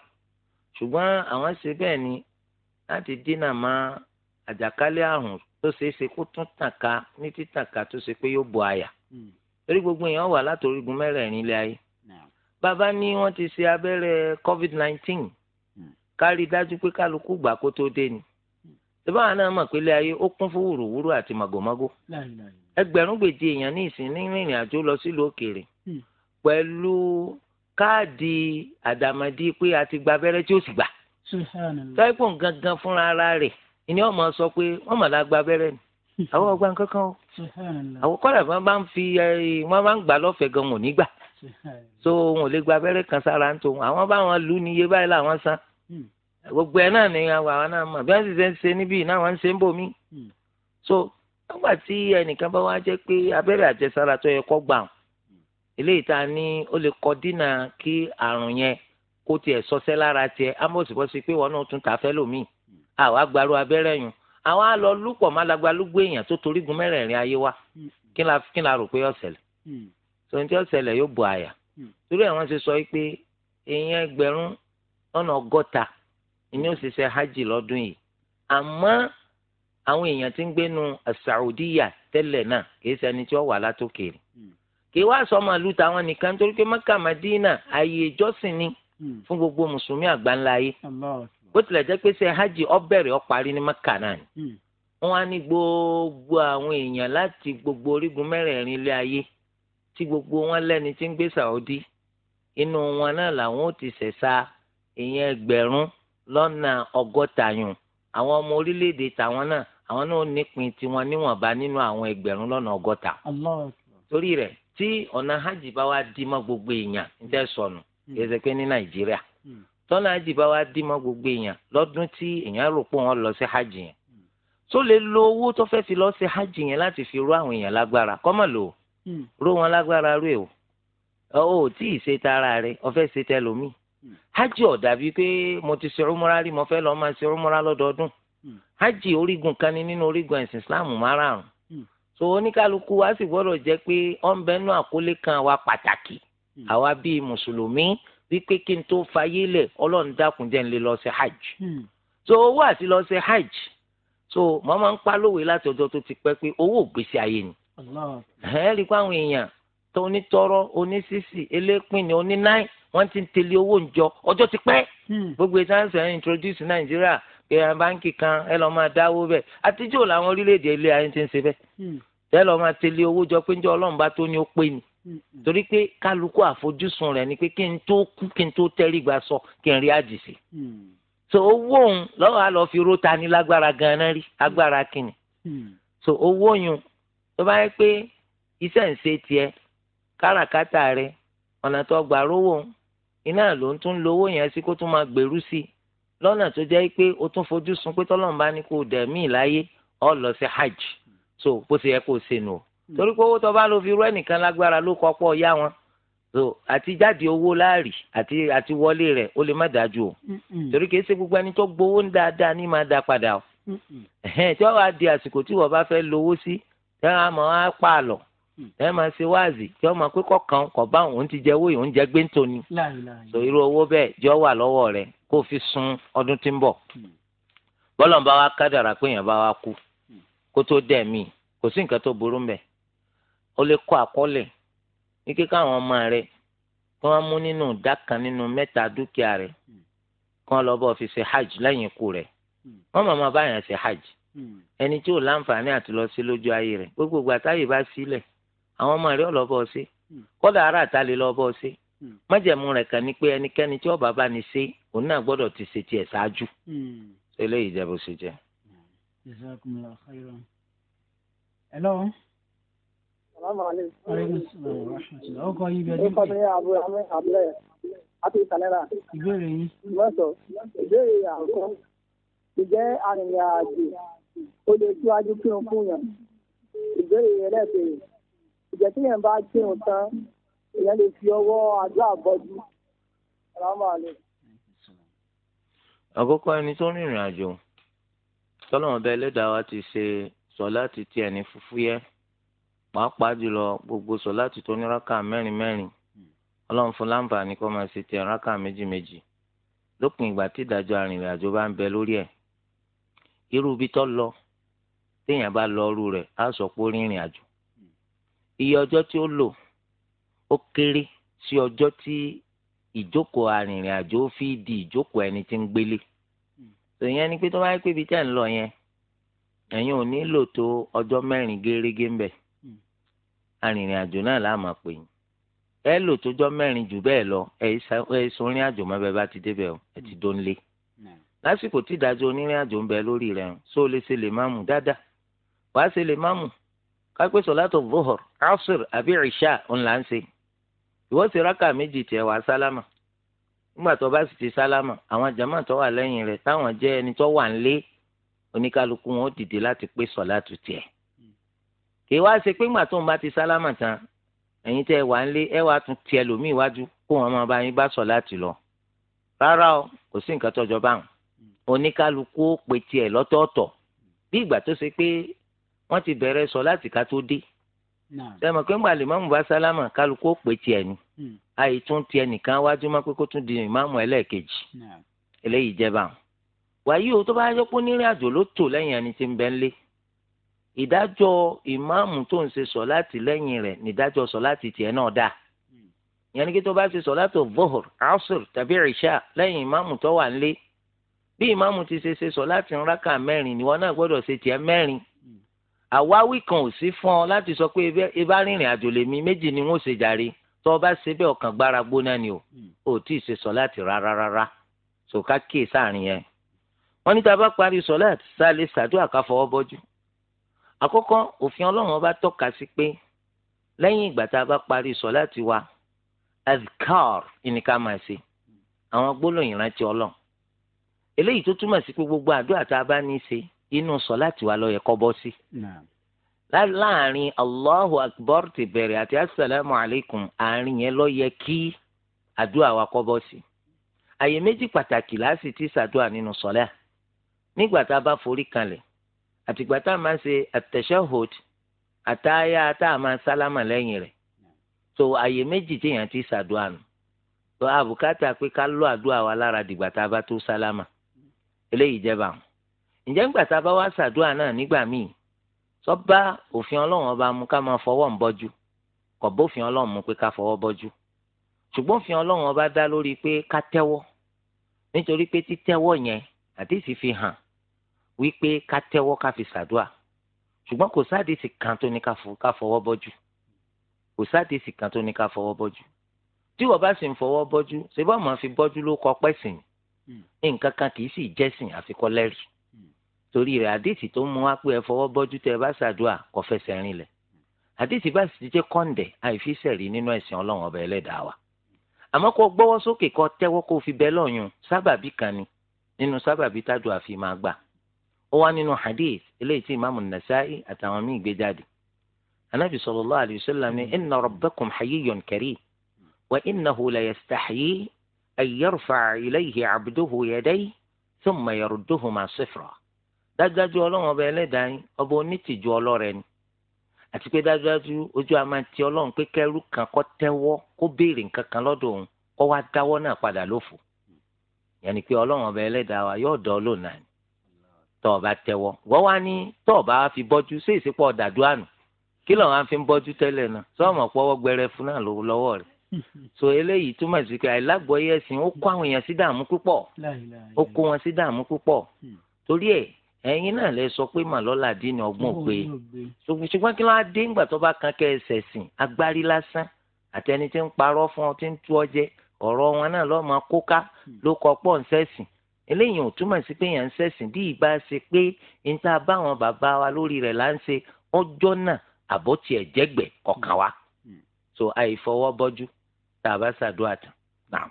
ṣùgbọ́n àwọn ṣe bẹ́ẹ̀ ni láti dínà máa àjàkálẹ̀ àrùn tó ṣeé ṣe kó tún tàn ká ní títàn ká tó ṣe pé yóò bọ àyà hmm. torí gbogbo èèyàn wà látòrígun mẹ́rẹ̀ẹ̀rin ilé ayé bàbá ní wọ́n ti ṣe abẹ́rẹ́ covid nineteen hmm. kárí dájú pé kálukú gbà kó tó dé ni ìbáwa hmm. náà mọ̀ pé ilé ayé ó kún fún wùrùwùrù àti màgòmágó ẹgbẹ̀rún gbèjì èèyàn ní ìsìn ní rìnrìn àjò lọ sílùú òkèèrè pẹ̀lú káàdì àdàmọ̀dì pé a ti gba abẹ́rẹ́ tí ó sì gbà táìpọ̀ gangan fúnra ara rẹ̀ ìní ọmọ sọ pé wọ́n mọ̀ lágbá abẹ́rẹ́ ni àwọn ọgbà kankan o àwọn kọ́lá wọn bá ń fi wọn bá ń gbà lọ́fẹ̀ẹ́ gan wọn nígbà so wọn ò lè gba abẹ́rẹ́ kan sára ń tó wọn àwọn báwọn lù ní iye báyìí làwọn san hmm. gbogbo ẹ̀ náà ni àwọn náà mọ̀ bí wọ́n sì ṣe ń ṣe níbí náà wọ́n ń ṣe ń bò mí hmm. so nígbà tí ẹnìkan bá wá jẹ́ pé abẹ́rẹ́ àjẹsára tó yẹ kó gbà wọn eléyìí tá a ní ó lè kọ dínà kí àrùn yẹn kó tiẹ̀ sọsẹ́ lára tiẹ̀ ámọ̀sibọ́sí pé wọn náà tún tà fẹ́ lòmíì àwa gbaru abẹ́rẹ́ yun àwa lọ lúpọ̀ málagba lúgbó èèyàn tó torí gun mẹ́rẹ̀ẹ̀rin ayé wa hmm. kí la kí la rò pé ọ̀sẹ̀lẹ̀ tòun hmm. tí ọ̀sẹ̀lẹ̀ yóò bu àyà hmm. torí ẹ̀ wọ́n ti sọ pé èèyàn ẹgbẹ̀rún ọ̀nà ọgọ́ta ni ó sì ṣe hajj lọ́dún yìí àmọ́ àwọn èèyàn ti ń gbénu Saudiya tẹ́lẹ̀ náà kìí ṣe ẹni tí ó wà látòkèrè kìí wá sọ màálù táwọn nìkan torí pé Mẹ́kà Mádínà ààyè ìjọsìn ni fún gbogbo mùsùlùmí àgbáńlá ayé bó tilẹ̀ jẹ́ pé ṣe hajj ọbẹ̀rẹ̀ ọparí ní maka náà ni hmm. wọ́n á ní gbogbo àwọn èèyàn láti gbogbo orígun mẹ́rẹ̀ẹ̀rin ilé ayé tí gbogbo wọn lẹ́ni tí ń gbé Saudi inú wọn náà làwọn ò ti ṣẹ̀ṣà èèyàn ẹgbẹ̀rún lọ́nà ọgọ́ta yùn àwọn ọmọ orílẹ̀-èdè tàwọn náà àwọn náà nípìn tiwọn níwọ̀nba nínú àwọn hajj bá wá mọ́ gbogbo èèyàn ń hmm. tọ́lá àjì bá wa dí mọ́ gbogbo èèyàn lọ́dún tí èèyàn rò pé wọ́n lọ sí hajj yẹn tó lè lo owó tó fẹ́ fi lọ sí hajj yẹn láti fi rú àwọn èèyàn lágbára kọ́mọ̀ lò ó hmm. ró wọn lágbára rú ẹ̀ o ò tí ì ṣe tara rẹ ọ̀fẹ́ ṣe tẹ lómi hmm. hajj ò dàbí pé mo ti ṣe rí mo fẹ́ lọ́ọ́ máa ṣe lọ́dọọdún hmm. hajj orígun kan ní nínú orígun ẹ̀sìn islam márààrún so oníkálukú wa sì gbọ́dọ̀ jẹ́ pé ọ̀nbẹ́nu àkólé kan wa pàtàkì àwa bíi mùsùlùmí wípé kí n tó fayé lẹ̀ ọlọ́run dákun jẹ́ n lè lọ ṣe hajj hmm. so owó àti lọ ṣe hajj so màá máa ń pa lówe láti ọjọ́ tó ti pẹ́ pé owó ògbésí ayé ni ẹ̀ rí i pé àwọn èèyàn tó onítọrọ onísìsì elépìnì onínáì wọ́n ti ń tẹ̀lé owó ǹjọ ọjọ́ ti pẹ́ hmm. gbogbo ìtànsẹ̀ ń introduce nàìjíríà pé báńkì kan ẹ lọ́ọ́ máa dáwó bẹ́ẹ̀ àtijọ́ làwọn orílẹ̀-èdè ilé ayé ti ń ṣe bẹ́ẹ̀ hmm. ẹ lọ́ọ́ máa tẹ̀lé owó jọ pé ǹjọ́ ọlọ́run bá tó ní ó pé ni torí pé kálukú àfojúsùn rẹ̀ ni pé kí n tó kú kí n tó tẹ́rí gba sọ kí n rí àjèsè mm. so owó òun lọ́wọ́ àlọ́ fi ró ta ní lágbára gan-an rí agbára kìnnì mm. so owó yun tó bá yẹ pé iṣẹ́ ń ṣe tiẹ̀ káràkátà rẹ̀ ọ̀nà tó gbà rówó iná ló ń tún lówó yẹn sí kó tún máa gbèrú sí i lọ́nà tó jẹ́ pé o tún fojú sun pé tọ́lọ́mùbá ní kó dẹ̀ míì láyé ọ lọ sí hajj so bó ti yẹ kó o ṣe nù o. Hmm. torí pé owó tó bá lọ fi rú ẹnìkan lágbára ló kọ́ pọ̀ yá wọn so àti jáde owó láàrì àti àti wọlé rẹ̀ ó lè má dájú o torí kìí ṣe gbogbo ẹni tó gbowó ń dáadáa ní máa dá padà o tí wọ́n wá di àsìkò tí wọ́n bá fẹ́ lówó sí tí wọ́n á mọ̀ á pa àlọ́ ẹ máa ṣe wáàzì tí wọ́n máa pé kọ̀ọ̀kan kọ̀ bá òun ti jẹ́ owó yìí òun jẹ́ gbé ń tóni so irú owó bẹ́ẹ̀ jọ wà lọ́wọ́ rẹ̀ kó fi sun ọdún tí ń bọ̀ hmm. bọ́lọ̀ ń bá wa kádàrà pé èèyàn bá wa kú hmm. kó tó dẹ̀ mí kò sí nǹkan tó burú mbẹ̀ ó lè kọ́ àkọọ́lẹ̀ ní kíkọ́ àwọn ọmọ rẹ kí wọ́n mú nínú ìdá kan nínú mẹ́ta dúkìá rẹ kí wọ́n lọ bọ́ fi ṣe hajj lẹ́yìn ikú rẹ wọ́n mọ̀ máa báyàn ṣe hajj ẹni tí ò láǹfààní àti lọ sí lójú ayé rẹ gbogbo ìgbà táyè bá sílẹ̀ àwọn ọmọ rẹ ò lọ bọ́ ṣe kódà ara àta lè bọ́ ṣe májẹ̀mú rẹ̀ kàn ní pé ẹnikẹ́ni tí ọba bá ní ṣe òun náà gbọ́dọ̀ ti ṣe tiẹ̀ ṣáájú eléyìí jẹ́ bó ṣe jẹ́. Jazakumullahu khairan. Hello ọkọ yìí bẹ nípa ní àbúrò àbúrò àti ìtànẹ́ra. ìbéèrè yín. mọ́tò ìbéèrè àkọ́ ìjẹ́ arìnrìn-àjò ó lè síwájú kí n fún yàn. ìbéèrè ẹlẹ́ẹ̀kejì ìjẹ́ tí yẹn bá kírun tán ìyẹn lè fi ọwọ́ àdúrà bọ́jú. àkọ́kọ́ ẹni tó rìnrìn àjò tọ́lọ́mọbẹ ẹlẹ́dàá wa ti ṣe sọ láti tiẹ̀ ní fúfúyẹ́ pàápàá jùlọ gbogbo sọ láti tó ní rákà mẹ́rin mẹ́rin ọlọ́run fún láǹfààní kó máa ṣe ti rákà méjì méjì lópin ìgbà tí ìdájọ́ arìnrìn-àjò bá ń bẹ lórí ẹ̀ irú ibi tọ́ lọ téèyàn bá lọ ọrú rẹ̀ á sọ pé ó rìnrìn àjò iye ọjọ́ tí ó lò ó kéré sí ọjọ́ tí ìjókòó arìnrìn-àjò fi di ìjókòó ẹni tí ń gbélé tòyẹn ni pé tó bá yẹ pé ibi tẹ́ ń lọ yẹn ẹ̀yin ò ní lò tó ọjọ́ mẹ́rin gérégé ń bẹ̀ arìnrìn àjò náà la máa pè yín ẹ lò tó jọ jù bẹ́ẹ̀ lọ ẹ rìn àjò bá ti débẹ̀ o ẹ ti dóńlé lásìkò tí ìdájọ́ onírìn àjò ń bẹ lórí rẹ̀ ṣó o lè ṣe lè dáadáa wàá ṣe lè àbí ń ṣe rákà méjì tiẹ̀ wá ti sálámà àwọn jama tó wà lẹ́yìn rẹ̀ táwọn jẹ́ ẹni tó wà ń lé oníkálukú wọn ó dìde láti pé kì í wá ṣe pé ńgbà tó ń bá ti sálámà tán ẹ̀yin tẹ́ ẹ wà ń lé ẹ wá tún tiẹ̀ lómi ìwájú kó wọn máa bá yín bá sọ láti lọ rárá o kò sí nǹkan tọ́jọ́ báwọn oníkálukú ó pe tiẹ̀ lọ́tọ̀ọ̀tọ̀ bí ìgbà tó ṣe pé wọ́n ti bẹ̀rẹ̀ sọ láti ká tó dé sẹ́mi pé ńgbà lè máàmù bá sálámà kálukú ó pe tiẹ̀ ni hmm. àyè tún tiẹ̀ nìkan wájú má pé kó tún di ìmáàmù ẹlẹ́ẹ̀kejì eléyìí jẹ́ báwọn wàyí o tó bá yẹ ìdájọ́ ìmáàmù tó ń ṣe sọ̀láàtì lẹ́yìn rẹ̀ nídájọ́ sọ̀láàtì tiẹ̀ náà dà ìyẹn ni kí tó bá ṣe sọ̀láàtì vohor asr tàbí ìṣà lẹ́yìn ìmáàmù tó wà nílé bí ìmáàmù ti ṣe ṣe sọ̀láàtì ńráka mẹ́rin ni wọn náà gbọ́dọ̀ ṣe tiẹ̀ mẹ́rin àwáwí kan ò sí fún ọ láti sọ pé ibà rìnrìn àjò lèmi méjì ni wọn ò ṣe jàre tó o bá ṣe bẹ́ẹ̀ ọkàn gbára gbóná ni o hmm. ò tí ì ṣe sọ̀láàtì rárá rárá sòkà kíyèsáàrin yẹn wọn ní tá a bá parí sọ̀láàtì sálẹ̀ sàdúrà ká fọwọ́ bọ́jú àkọ́kọ́ òfin ọlọ́run bá tọ́ka sí pé lẹ́yìn ìgbà tá a bá parí sọ̀láàtì wa azkar ni ká máa ṣe àwọn gbólóyìn rántí ọlọ́run eléyìí tó túmọ̀ sí pé gbogbo àdúrà tá a bá ní ṣe inú sọ̀láàtì wa ló yẹ kó sí. láàárín allahu akbar ti bẹ̀rẹ̀ àti asalaamu alaykum àárín yẹn ló yẹ kí àdúrà wa kó bọ́ sí. àyè méjì pàtàkì la ti ṣàdúrà nínú sọ̀láà nígbà tá a bá forí kanlẹ̀ àtìgbà tá a máa ń ṣe at-tashahhud àtàyà tá a máa ń sálámà lẹ́yìn rẹ̀ tó àyè méjì téèyàn ti ṣàdúrà nù tó àbùkátà pé ká lọ àdúrà wa lára dìgbà tá a bá tó sálámà eléyìí jẹba àwọn ǹjẹ́ ńgbà tá a bá wá ṣàdúrà náà nígbà míì sọ́ba òfin ọlọ́run ọba mu ká máa fọwọ́ ń bọ́jú kò bófin ọlọ́run mu pé ká fọwọ́ bọ́jú ṣùgbọ́n òfin ọlọ́run ọba dá lórí pé ká tẹ́wọ́ nítorí pé títẹ́wọ́ yẹn àdìsí fi hàn wípé ká tẹ́wọ́ ká fi ṣàdúà ṣùgbọ́n kò sáàdìsì kan tó ní ká fọwọ́ bọ́jú kò sáàdìsì kan tó ní ká fọwọ́ bọ́jú tí wọ́n bá sì ń fọwọ́ bọ́jú ṣé bá máa fi bọ́jú ló kọ pẹ́sìn hmm. nǹkan kan kì í sì jẹ́sìn àfikọ́ lẹ́rìí hmm. torí rẹ̀ àdìsì tó mú wá pé ẹ fọwọ́ bọ́jú tẹ́ ẹ bá ṣàdúà kò fẹsẹ̀ rinlẹ̀ hmm. àdìsí bá sì jẹ́ kọ́ńdẹ̀ àìfísẹ̀ rí nínú ẹ̀sìn ọlọ́run ọba ẹlẹ́dàá wa àmọ́ kó gbọ́wọ́ sókè kó tẹ́wọ́ kó fi bẹ́ẹ̀ lọ́yún sábàbí kan ni nínú sábàbí tájú àfi máa gbà ó wá nínú hadith eléyìí tí imaamu nasa'i àtàwọn míì gbé jáde anabi sallallahu alayhi wa sallam ní inna rabbakum hayiyyun karim wa innahu la yastahyi an yarfa'a ilayhi abduhu yadayhi thumma yarudduhuma sifra dájúdájú ọlọ́run ọba ẹlẹ́dàá ọba onítìjú ọlọ́rẹ ni àti pé dájúdájú ojú a ti ọlọ́run pé kẹ́rú kan kó tẹ́wọ́ kó béèrè nǹkan kan lọ́dọ̀ òun kó wá dáwọ́ náà padà lófo yẹn pé ọlọ́run ọba ẹlẹ́dàá wa yóò dán lónàá ni tọ́ ọba tẹ́wọ́ wọ́n wá ní tọ́ ọba fi bọ́jú ṣé ìsìnkú ọ̀dàdúrà nù kí lọ́wọ́ fi ń bọ́jú tẹ́lẹ̀ náà sọ́ọ̀mọ̀ pọ́wọ́ gbẹrẹ fún náà lọ́wọ́ rẹ̀ so eléyìí túmọ̀ sí pé àìlágbọ́yé ẹ̀sìn ó kó àwọn èèyàn sí dààmú púpọ̀ ó kó wọn sí dààmú púpọ̀ hmm. torí ẹ̀ ẹ̀yin náà lè sọ pé màlọ́lá dín ní ọgbọ́n pé ṣùgbọ́n kí ló á dé ńgbà tó bá kan kẹ́ ẹsẹ̀ sìn agbárí lásán àtẹni tí ń parọ́ fún ọ tí ń tú ọ jẹ ọ̀rọ̀ wọn náà lọ́ọ́ máa kóká hmm. ló kọ pọ̀ ń eléyìí ò túmọ̀ sí pé èèyàn ń ṣẹ̀sìn bí ìgbà ṣe pé n ta bá àwọn bàbá wa lórí rẹ̀ là ń ṣe ọjọ́ náà àbọ̀ tiẹ̀ jẹ́gbẹ̀ kọ̀ọ̀kan wa hmm. so àìfọwọ́ bọ́jú tá a bá ṣàdúrà tán náà.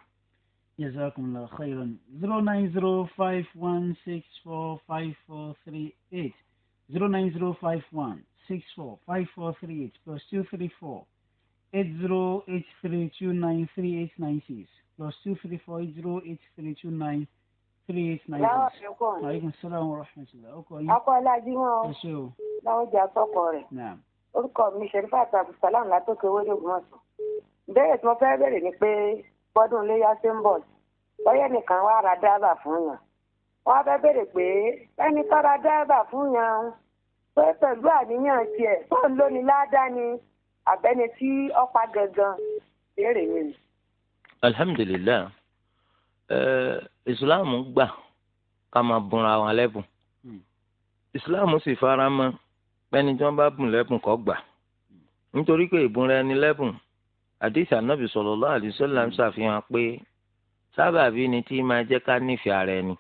jazakumullahu khairan zero nine zero five one six four five four three eight zero nine zero five one six four five four three eight plus two three four eight zero eight three two nine three eight nine six plus two three four eight zero eight three two nine three eight orúkọ mi Sherifat Abdulsalam látòkè owó lóògùn ọ̀sán. ìbéèrè tí mo fẹ́ bẹ̀rẹ̀ ni pé bọ́dún iléyà ṣe ń bọ̀ bọ́yẹ̀ nìkan wá ra dáàbà fún yàn. wọ́n fẹ́ bẹ̀rẹ̀ pé ẹni tó ra dáàbà fún yàn pé pẹ̀lú àníyàn tiẹ̀ tó lóni ládàá ni àbẹ́ni tí ọ̀pá gangan béèrè mi. alhamdulilayi Eh, Islam gbà ká máa bùnra wọn lẹ́bùn ìsìláàmù hmm. sì fara mọ́ pẹ́ni tí wọ́n bá bùn lẹ́bùn kó gbà hmm. nítorí pé ìbùnra ẹni lẹ́bùn àdìsí ànábì sallallahu alaihi wasallam hmm. ṣàfihàn pé sábàbí ni tí máa jẹ́ ká nífẹ̀ẹ́ ara ẹni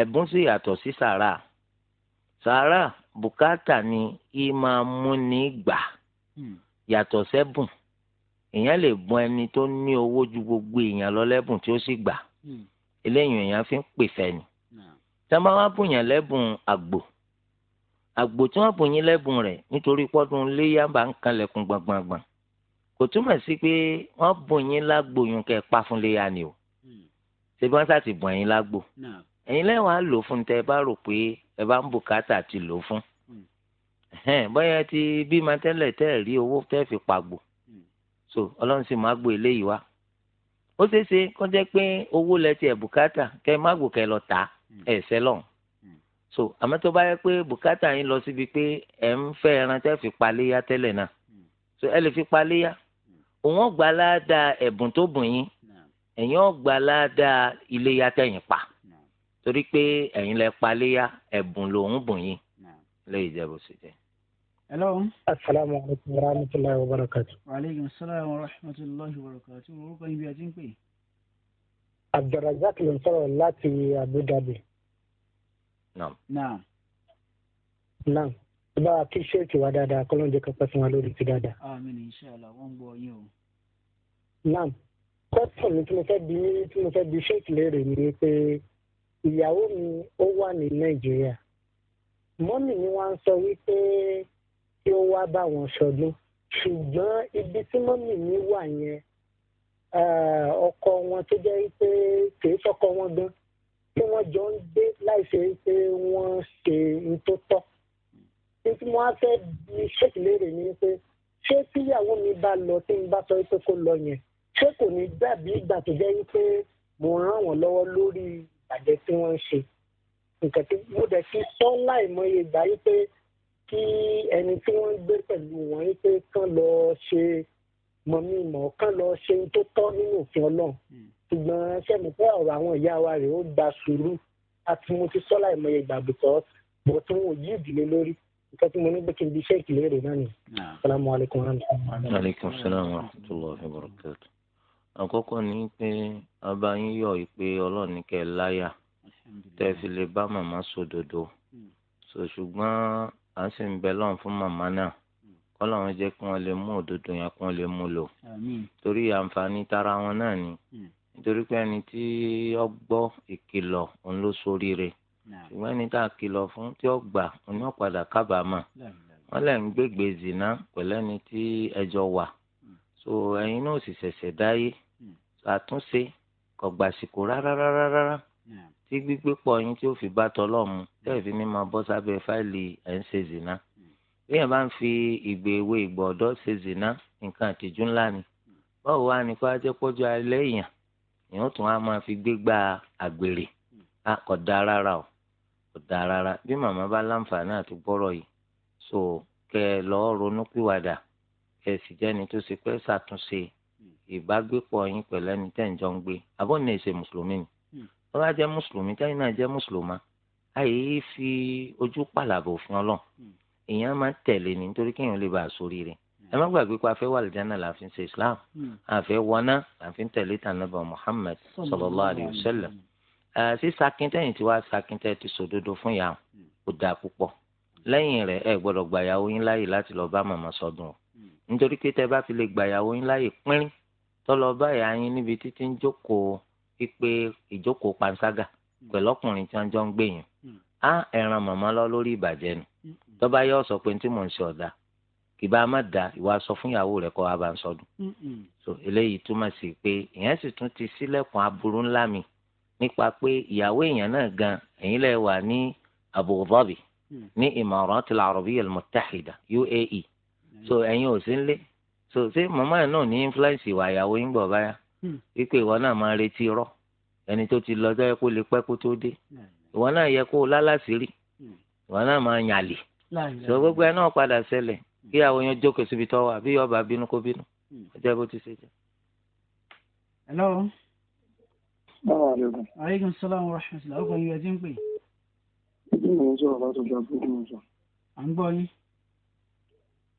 ẹ̀bùn sì yàtọ̀ sí sàrà sàrà bùkátà ni í máa múni gbà yàtọ̀ sẹ́bùn èèyàn lè bọ ẹni tó ní owó ju gbogbo èèyàn lọ lẹ́bùn tí ó sì gbà hmm. eléyìí èèyàn fi ń pèfẹ́ ni tábà wá bùyàn lẹ́bùn àgbò àgbò tí wọ́n bùyìn lẹ́bùn rẹ̀ nítorí pọ́dún léyà bá ń kanlẹ̀kùn gbọ̀ngbọ̀ngbọ̀n kò túmọ̀ sí pé wọ́n bùyìn lágbóyún kẹ́ ẹ pa fún léyà ni o hmm. ṣé bí wọ́n sá ti bùyìn lágbó ẹ̀yin lẹ́wọ̀n á lò fún tẹ́ ẹ bá rò pé ẹ bá ń bùkátà ti lò fún hmm. bóyá ti bímọ tẹ́lẹ̀ tẹ́ rí owó tẹ́ fi pàgbò so ọlọ́run sì máa gbọ́ eléyìí wá ó ṣeé ṣe kó jẹ́ pé owó lẹ tiẹ̀ bùkátà kẹ́ ẹ má gbò kẹ́ ẹ lọ tà hmm. ẹ̀ sẹ́lọ̀n hmm. so àmọ́ tó bá yẹ pé bùkátà yín lọ síbi pé ẹ̀ ń fẹ́ ẹran tẹ́ fi paléyà tẹ́lẹ̀ náà hmm. so ẹ lè fi paléyà òun ọ̀gbà láàdá ẹ̀bùn tó bùn yín ẹ̀yin ọ̀gbà láàdá iléyà tẹ̀yìn pa torí pé ẹ̀yin lẹ paléyà ẹ̀bùn lòún bùn yín lẹ́yìn ìjẹ́bù sí jẹ́ hello. asalaamu alaykum wa rahmatulahi wa barakatu. wa aleykum salaam wa rahmatulahi wa barakatu. orúkọ yín bí a ti ń pè. abdulrasaq ló ń sọ̀rọ̀ láti abu dhabi. naam. naam. naam. bá a kí ṣéèkì wa dáadáa kọ́ ló ń jẹ́ ká pẹ́ fún wa lórí ti dáadáa. àmín inṣàlá wọ́n ń gbọ́ yín o. naam kọ́sùn mi tí mo fẹ́ bi tí mo fẹ́ bi ṣéèkì léèrè ni pé ìyàwó mi ó wà ní nàìjíríà mọ́mì mi wá sọ wípé kí ó wá bá wọn ṣọdún ṣùgbọ́n ibi tí mọ́mì mi wà yẹn eh, ọkọ wọn tó jẹ́ pé kìí sọ́kọ wọn gan tí wọ́n jọ ń gbé láìṣe pé wọ́n ṣe ń tó tọ́ tí mo á fẹ́ ní ṣèkìlérè ni pé ṣé tíyàwó mi bá lọ tí n bá sọ pé kó lọ yẹn ṣé kò ní dàbí ìgbà tó jẹ́ pé mo ràn wọ́n lọ́wọ́ lórí ìbàjẹ́ tí wọ́n ń ṣe nǹkan tí mo dẹ̀ ti sọ láìmọye ìgbà yìí pé kí ẹni tí wọ́n ń gbé pẹ̀lú wọn yín pé kán lọ ṣe mọ̀mímọ̀ kán lọ ṣe ohun tó tọ́ nínú òfin ọlọ́run hmm. ṣùgbọ́n sẹ́mi pé ọ̀rọ̀ àwọn ìyá wa rèé ó gba sùúrù àti mo ti sọ́lá ìmọ̀ye ìgbà bìkọ́ bọ̀ tí wọn ò yí ìdílé lórí nǹkan tí mo ní gbẹ́kẹ̀ bí iṣẹ́ ìkìlẹ̀ rẹ̀ náà ni. salamu alaykum wa rahmatulahi. aleykum ni pé ọba yín yọ̀ pé ọlọ́run ní kẹ́ láyà tẹ́ fi lè bá màmá sòdodo hmm. ṣùgbọ́n à ń sì ń bẹ lọ́run fún màmá náà hmm. kọ́lọ́run jẹ́ kí wọ́n lè mú òdodo yẹn kí wọ́n lè mú lò torí àǹfààní tara wọn náà ni hmm. nítorí pé ẹni tí ó gbọ́ ìkìlọ̀ òun ló ṣoríire ṣùgbọ́n ẹni tá a kìlọ̀ fún tí ó gbà òun yóò padà kábàámọ̀ wọ́n lẹ̀ ń gbègbè zìnà pẹ̀lú ẹni tí ẹjọ́ wà hmm. so ẹ̀yin náà sì ṣẹ̀ṣẹ̀ dáyé àtúnṣe kò rárá rárá rárá tí gbígbé pọ̀ yín tí ó fi bá tọ́lọ̀ mu tẹ́ẹ̀ fi ní máa bọ́ sábẹ́ fáìlì ẹ̀ ń ṣe zina bíyàn bá ń fi ìgbè ewé ìgbà ọ̀dọ́ ṣe zina nǹkan àtijú ńlá ni báwo wá ní kó ajẹ́ pọ́jú alẹ́ èèyàn èèyàn tún á máa fi gbégbá àgbèrè á kọ̀ dá rárá o kò dá rárá bí màmá bá láǹfààní àti gbọ́rọ̀ yìí so kẹ ẹ lọ́ọ́ ronú pìwàdà kẹ ẹ sì jẹ́ni tó ṣe pé ṣàtúnṣe ìbágbépọ̀ yín pẹ̀lú ẹni ń jọ ń gbé abọ́ni èsè mùsùlùmí ni wọ́n bá jẹ́ mùsùlùmí tẹ́yìn náà jẹ́ mùsùlùmá àyè fi ojú pàlàbò fún ọlọ́run hmm. èèyàn máa tẹ̀lé ni nítorí kéèyàn lè bá a sórí rẹ̀ ẹ má hmm. gbàgbé pé a fẹ́ wà lìjánà ṣe islam hmm. a fẹ́ wọná la fi tẹ̀lé tànàbà muhammad sallallahu alayhi wa sallam sí sakintẹ́yìn tí wàá sakintẹ́ ti sòdodo fún yàrá ó dáa púpọ̀ lẹ́yìn rẹ̀ ẹ gbọ́dọ̀ gbàyàwó yín láàyè láti lọ bá màmá sọdún o nítorí pé tẹ́ bá fi lè gbàyàwó yín láàyè pínrín tọ́lọ báyà yín níbi títí ń jókòó wípé ìjókòó panṣágà hmm. pẹ̀lú ọkùnrin tí wọ́n jọ ń gbèyàn hmm. á ẹran màmá lọ lórí ìbàjẹ́ ni hmm, tọ́ba yóò sọ pé tí mò ń ṣe ọ̀dà kì bá má da ìwà sọ fún ìyàwó rẹ̀ kọ́ abà ń sọdún. so eléyìí túmọ̀ sí pé ìyẹn sì tún ti sílẹ̀kùn aburú ńlá mi nípa pé ìyàwó èèyàn náà gan ẹ̀yin lè wà ní Abu Dhabi ní Imarat al-Arabiyya al-Muttahida UAE so ẹ̀yin ò sí ń lé so ṣé màmá yẹn náà ní influence ìwà ìyàwó yín gbọ̀ báyà. Hmm. wípé ìwọ náà máa retí rọ ẹni tó ti lọ sọ́yẹ́ kó lè pẹ́ kó tó dé ìwọ náà yẹ kó lálàsírí hmm. ìwọ náà máa yàlè sọ gbogbo ẹ náà padà ṣẹlẹ̀ hmm. kí àwọn èèyàn jókòó síbi tọ́wọ́ àbí yọba bínú kó bínú ọjọ́ bó ti ṣe jẹ́. hello. báwo ni o. aleykum salaam wa rahmatulah ọkọ yìí ẹ ti ń pè. ìdí mi ń sọ̀rọ̀ láti ọjà fúdù mi sọ. à ń gbọ́ yín.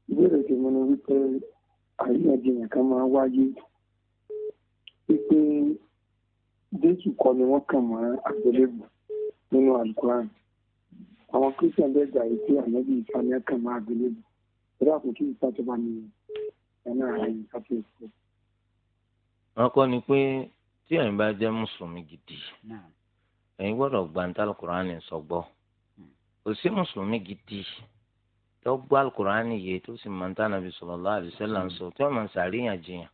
ìbéèrè tèmi ni wípé àríyànjiyàn kan máa wáyé wípé jésù kọ́ ni wọ́n kàn mọ́ àgbélébù nínú alukuran àwọn christian bẹ́ẹ̀ gbà wípé ànábì ìfà ni wọ́n kàn mọ́ àgbélébù ìdá kò kí ìfà tó bá ní ẹ̀nà ààrẹ ìfà tó kù. wọn kọ́ ni pé tí ẹ̀yin bá jẹ́ mùsùlùmí gidi ẹ̀yin gbọ́dọ̀ gba ní alukuran sọgbọ́ hmm. kò sí mùsùlùmí gidi tó gbọ́ alukuran yìí tó sì máa ń tànàbí sallallahu alaihi wasallam sọ tí wọ́n máa ń sàríyànjiyàn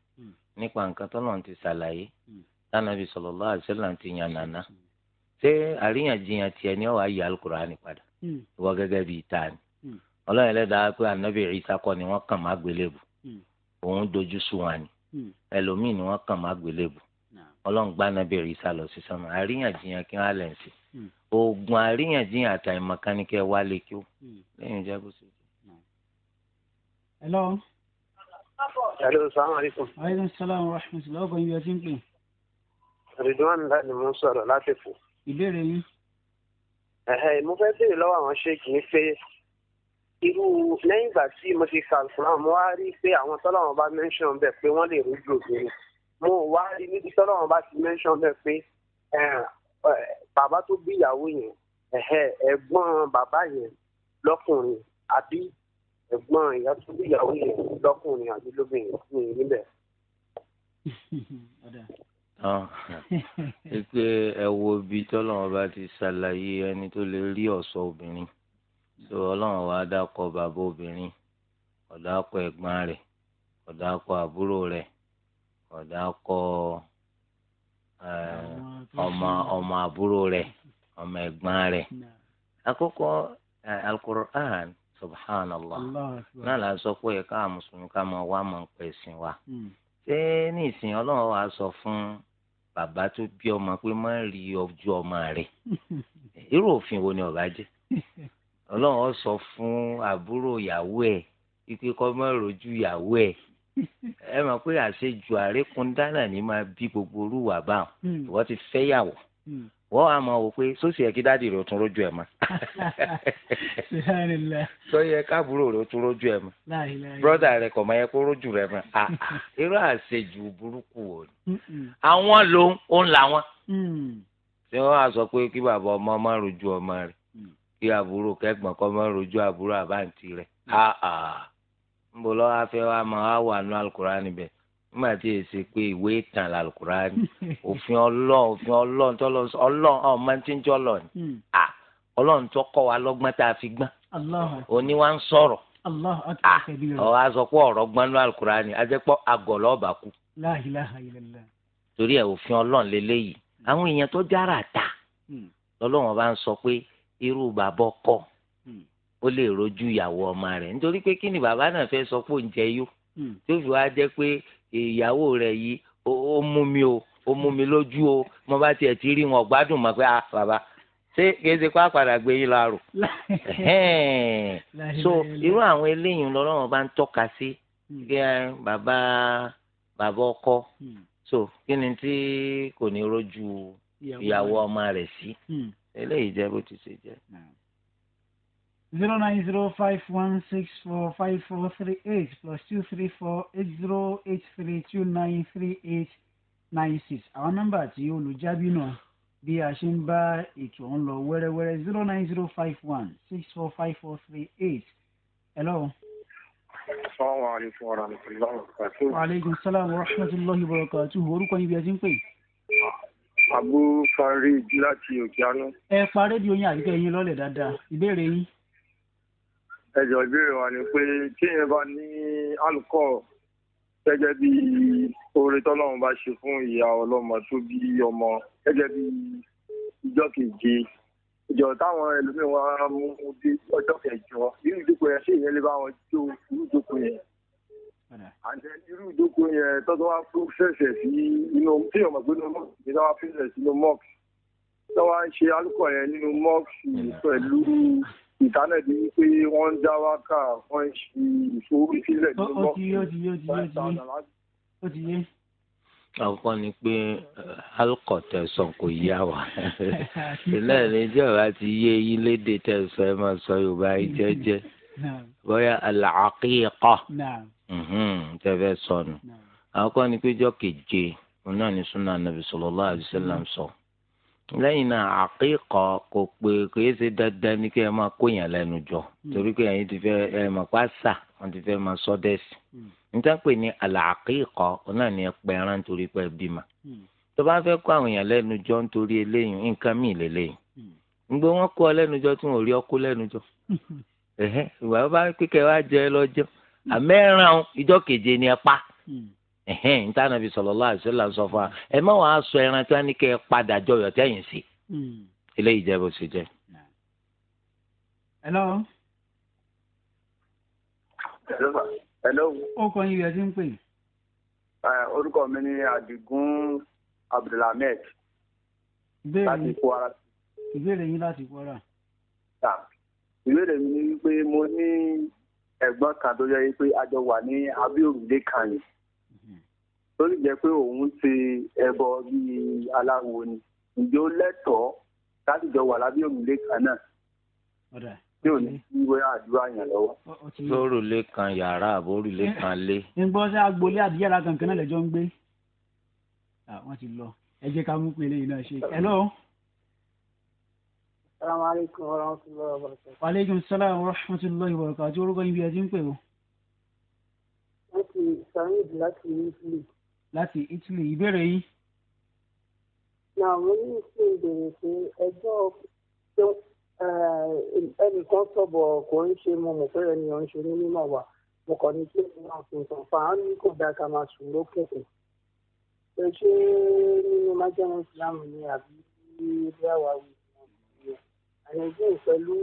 nípa nǹkan tọ́lọ́run ti ṣàlàyé hmm. tánàbí sọlọ alaihi wasallam ti yàn nàná hmm. ṣé àríyànjiyàn tiẹ ní ó ayé yí alukurani padà hmm. ìwọ gẹgẹ bíi ta ni ọlọ́run ẹlẹ́dàá pé kọ́ ni wọ́n kàn má gbélébù òun dojú sú ni ẹlòmíì ni wọ́n kàn má gbélébù ọlọ́run gba lọ sí sánmà àríyànjiyàn kí wọ́n á lẹ̀ ń sè oògùn àríyànjiyàn àtàìmọ̀kánikẹ́ wálé Hello, salaam alaikum. Aleykum salaam wa rahmatulah. Ọkọ̀ ibi ọtí ń pè. Ridwan láti mú sọ̀rọ̀ láti fò. Ìbéèrè yín. Ẹ̀hẹ́ mo fẹ́ béèrè lọ́wọ́ àwọn ṣéèkì ní pé irú lẹ́yìn ìgbà tí mo ti kà fúnra mo wá rí pé àwọn tọ́lọ́wọ́n bá mẹ́ńṣọ̀n bẹ̀ pé wọ́n lè rújú òbí mo wá rí níbi tọ́lọ́wọ́n bá ti mẹ́ńṣọ̀n bẹ̀ pé bàbá tó bí ìyàwó yẹn ẹ̀gbọ́n bàbá yẹn lọ́kùnrin àbí ẹ̀gbọ́n ìyá tó bí ìyàwó yẹn lọ́kùnrin àti lóbìnrin fún mi níbẹ̀. Ah, ẹ pé ẹ wo ibi tọ́lọ́wọ́n bá ti ṣàlàyé ẹni tó lè rí ọ̀ṣọ́ obìnrin tó ọlọ́run wàá dákọ̀ bàbá obìnrin ọ̀dàkọ̀ ẹ̀gbọ́n rẹ̀ ọ̀dàkọ̀ àbúrò rẹ̀ ọ̀dàkọ̀ eh, ọmọ ọmọ àbúrò rẹ̀ ọmọ ẹ̀gbọ́n rẹ̀ àkọ́kọ́ eh, alukur'an. subhanallah náà la sọ pé ká mùsùlùmí ká máa wá máa ń pè sìn wa hmm. ṣé ní ìsìn ọlọ́run wa sọ fún bàbá tó bí ọmọ pé má rí ojú ọmọ rẹ̀ irú òfin wo ni ọba jẹ́ ọlọ́run ó sọ fún àbúrò ìyàwó ẹ̀ ike kọ́ má rojú ìyàwó ẹ̀ ẹ mọ̀ pé àṣejù àrékúndánà ni máa bí gbogbo orúwà báwọn hmm. ìwọ ti fẹ́ yàwó hmm. wọ́n a máa wò pé sósì ẹ̀ kí dáàdì rẹ̀ tún rójú ẹ̀ mọ́. sọ yẹ káàbúrò tún rójú ẹ̀ mọ́. bọ́dà rẹ̀ kò máa yẹ kó rójú ah, irú àṣejù burúkú wò ni. àwọn ló ń la wọn. Mm. ṣé wọ́n a sọ pé kí ọmọ máa rojú ọmọ rẹ̀ mm. kí àbúrò kẹ́gbọ̀n kọ́ máa rojú àbúrò àbáǹtì rẹ̀. ń bọ̀ lọ́wọ́ afẹ́ wa máa wà nígbà tí èsì pé ìwé ìtàn làlùkùránì òfin ọlọ́run òfin ọlọ́run tó ọlọ́run ọmọ tí ń jọ lọ ni hmm. à ọlọ́run tó kọ́ wa lọ́gbọ́n tá a fi gbọ́n òní wa ń sọ̀rọ̀ ọ̀ a sọ pé ọ̀rọ̀ gbọ́n ní àlùkùránì a jẹ́ pé àgọ̀ lọ́ọ̀bà kú torí ẹ̀ òfin ọlọ́run lélẹ́yìí àwọn èèyàn tó jára ta lọ́lọ́run hmm. bá ń sọ pé irú bàbá ọkọ hmm. ó lè rojú ìyàwó ọmọ rẹ̀ nítorí pé kí ni bàbá náà fẹ́ sọ pé òun jẹ yó tó fi wá jẹ́ pé ìyàwó rẹ̀ yìí ó mú mi o ó mú mi lójú o mo bá tiẹ̀ ti rí wọn gbádùn mọ́ pé ah bàbá ṣé kìí ṣe pa padà gbé yín láàrò so irú àwọn eléyìí lọ́lọ́wọ́n bá ń tọ́ka sí hmm. bàbá bàbá ọkọ hmm. so kí ni tí kò ní rojú ìyàwó ọmọ rẹ̀ sí hmm. eléyìí jẹ́ bó ti ṣe jẹ́ zero nine zero five one six four five four three eight plus two three four eight zero eight three two nine three eight nine six àwọn nọ́mbà tí olùjábí náà bí a ṣe ń bá ètò ọ̀hún lọ wẹ́rẹ́wẹ́rẹ́ zero nine zero five one six four five four three eight hello. salaamaleykum wa rahmatulahi wa barakatuhu. wa aleykum salaam wa rahmatulahi wa barakatuhu orúkọ yín bí ẹ ti ń pè. Abu Farid láti Òkè Àánú. ẹ pa rédíò yín àyíká ẹyin lọ́lẹ̀ dáadáa ìbéèrè yín ẹjọ ìbéèrè wa ni pé kéèyàn bá ní alukọ gẹ́gẹ́ bí oore tọ́lọ́run bá ṣe fún ìyá ọlọ́mọ tó bí ọmọ gẹ́gẹ́ bí ìjọ keje ìjọ táwọn ẹlòmíín wa mú bí ọjọ́ kẹjọ irú ìjókòó yẹn ṣé ìyẹn lè bá wọn jó irú ìjókòó yẹn àti irú ìjókòó yẹn tọ́tọ́ wá fún ṣẹ̀ṣẹ̀ sí inú tí ọmọ gbé nínú mọ́ọ̀kì tí wọ́n wá fún ṣẹ̀ṣẹ̀ sínú mọ́ọ̀kì tí ṣe alukọ yẹn nínú mọ́ọ̀kì pẹ̀lú ìtánẹ̀dì wípé wọ́n ń já wákà wọ́n ń ṣe ìfowópamọ́sílẹ̀ ní àkọ́kọ́ ni pé eh, alukọ tẹ̀sán kò yá wa náà ìjọba ti yé yín tẹ̀sán ẹ máa sọ yorùbá jẹ́jẹ́ bóyá alàkíkọ́ mhm, tẹ̀fẹ́ sọnù àkọ́kọ́ ni pé jọ́ keje òun náà ní sunan nabi sallallahu alaihi sọ. lẹ́yìn náà àkíkọ̀ kò pé kìí ṣe dandan ní kí ẹ máa kó yàn lẹ́nu jọ hmm. torí pé ẹ̀yin ti fẹ́ ẹ mọ̀ pa sà wọ́n ti fẹ́ máa sọ dẹ́sì hmm. níta ní àlàkíkọ̀ náà ni ẹ pẹ́ ẹran torí pé bímọ hmm. tó bá fẹ́ kó àwọn èèyàn lẹ́nu jọ nítorí eléyìí nǹkan lélẹ́yìn wọn kó ọ lẹ́nu jọ tí wọn ò rí lẹ́nu jọ ìwà bá kíkẹ́ ẹhẹn níta nàbí sallallahu alaihi wasallam sọ fún wa ẹ má wàá sọ ẹran tí wọn ní kẹ ẹ padà jọyọ tẹyìn sí hmm. eléyìí jẹ bó ṣe jẹ. hello. hello. ó kọ yín yẹtí ń pè. orúkọ mi ni adigun abdulhamid láti kwara. ìbéèrè yín láti kwara. ìbéèrè mi ni wípé mo ní ẹ̀gbọ́n kan tó yẹ pé a jọ wà ní abẹ́ òrùlé yìí tó sì jẹ́ pé òun ṣe ẹbọ bíi aláwo ni ǹjẹ́ ó lẹ́tọ̀ọ́ láti jọ wà lábẹ́ òrùlé kan náà tí ò ní kí wọ́n àdúrà yàn lọ́wọ́. sórùlé kan yàrá àbórùlé eh, kan lé. ń gbọ́ sí agboolé àdìyàrá kankan náà lẹ́jọ́ ń gbé wọ́n ti lọ ẹ jẹ́ ká mú pé eléyìí náà ṣe ẹ lọ́wọ́. salaamaleykum wa rahmatulahi wa barakatuh. waaleykum salaam wa rahmatulahi wa barakatuh orúkọ ibi ẹ ti ń pè o. wọ́n ti sàmìd láti ní ìlú láti Italy ìbéèrè yìí. na àwọn yìí sì ń béèrè pé ẹjọ́ ẹnìkan sọ̀bọ̀ kò ń ṣe mo mọ̀ fẹ́rẹ̀ ni ò ń ṣe ní mímọ̀ wà mo kàn ní kí n máa fi nǹkan fà á ní kò dáa ká máa sùn lókèké ẹ ṣe nínú májẹ̀mú ìsìlámù ni àbí bí àwa wù ú àyànjú pẹ̀lú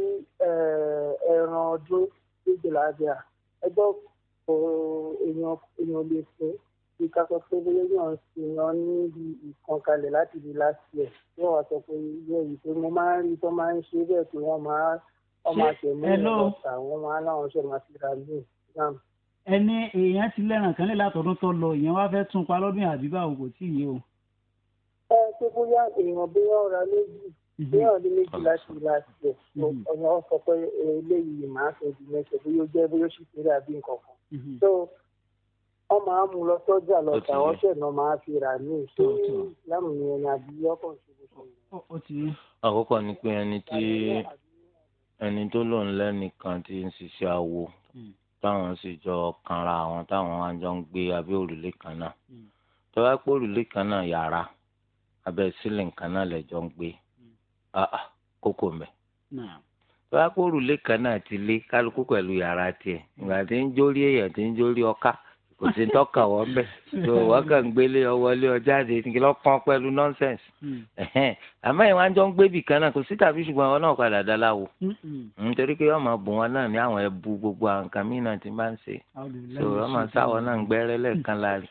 ẹran ọdún ní jùlọ àbíà ẹjọ́ èèyàn lè fún un bí ká sọ pé bóyá yóò ṣe yan níbi ìkànkalẹ̀ láti di last year yóò wá sọ pé yóò yìí pé mo máa ń rí tó máa ń ṣe bẹ́ẹ̀ pé wọ́n máa wọ́n máa tẹ̀lé ìrọ̀ta wọ́n máa láwọn ṣe máa fi ra lóò dáàmú. ẹni èèyàn ti lẹ́ràn kan lè látọdún tó lọ èèyàn wá fẹ́ tún pa lọ́dún àbí báwo kò tí ì yé o. ẹ ṣé bóyá èèyàn bóyá ọ̀rá méjì bóyá mhm. ọdún méjì láti last year ọ̀nà mhm. ọ̀sọ̀ pé eléyìí máa ń sọ wọ́n máa mú lọ sọ́jà lọ tà ọ̀sẹ̀ náà máa fi rà ní ìṣe lámùní ẹni àbí ọkàn ṣubú. àkọ́kọ́ ni pé ẹni tí ẹni tó lò ń lẹ́nìkan ti ń ṣiṣẹ́ awo hmm. táwọn sì jọ kanra àwọn táwọn wá jọ ń gbé abẹ́ òrùlé kan náà hmm. tó bá pé òrùlé kan náà yàrá abẹ́ sílìn kan náà lẹ́jọ́ ń gbé hmm. ah, ah, kókò mẹ́ tó pé òrùlé kan náà ti lé kálukú pẹ̀lú yàrá tiẹ̀ ìgbà tí ń jórí èèyàn tí ń jórí ọká kò sí tọ́ka wọ́n bẹ̀ tó hmm. wọ́n kàn gbélé ọwọ́lé ọjáde kí lọ́ pọ́n pẹ̀lú nọ́nsẹ̀nsì hmm. àmọ́ ìwà ń jọ ń gbébì kan náà kò sí tàbí ṣùgbọ́n àwọn náà padà dá láwo hmm. nítorí pé wọ́n máa bùn wọn náà ní àwọn ẹbu gbogbo àwọn nǹkan míì náà ti máa ń ṣe tó wọ́n máa sáwọn náà ń gbẹ́rẹ́ lẹ́ẹ̀kan láàrin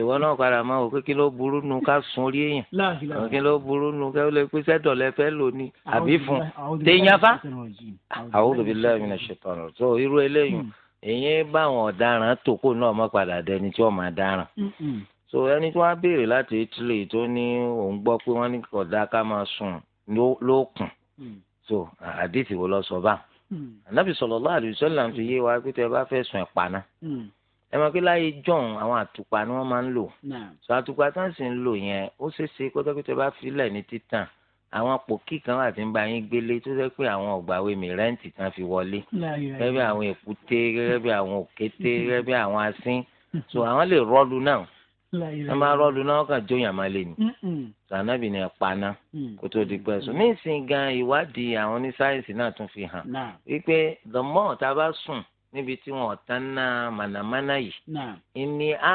ìwọ náà padà máa wò pé kí ló burú nu ká sun orí èèyàn kí ló burú nu ká ló pé sẹ́dọ̀ lẹ fẹ́ lò ní àbí fún téèyàn fá àwọn olùbílẹ̀ mi náà ṣètò ọ̀nà tó irú eléyìí èyí báwọn ọ̀daràn tó kó náà mọ́ padà dẹni tí wọ́n máa dáràn. so ẹni tí wọ́n á béèrè láti Italy tó ní òun gbọ́ pé wọ́n ní kódà ká máa sùn ló mm. so àdìsí wo lọ sọ bá. Mm. ànábì sallallahu alaihi wasallam fi yé wa pé tẹ bá fẹ́ sùn ẹ̀ mm. ẹ mọ̀ pé láyé john àwọn àtùpà ni wọ́n máa ń lò. so àtùpà tán sì ń lò yẹn ó ṣeé ṣe kó tẹ́ bá filẹ̀ ní títàn àwọn pòkì kan wà tí ń bá yín gbélé tó jẹ́ pé àwọn ọ̀gbàwé mi rẹ́ǹtì kan fi wọlé gẹ́gẹ́ bí àwọn èkúté gẹ́gẹ́ bí àwọn òkété gẹ́gẹ́ bí àwọn asín so àwọn lè rọ́ọ̀lù náà ẹ máa rọ́ọ̀lù náà kàn jóyàn máa lè nì sànàbì ni ẹ paná mm. kó tó di pẹ́ sùn nísìnyí gan ìwádìí àwọn ní sáyẹ́ǹsì náà tún fi hàn wípé the more tá a bá sùn níbi tí wọn tán ná mànàmáná yìí ìní á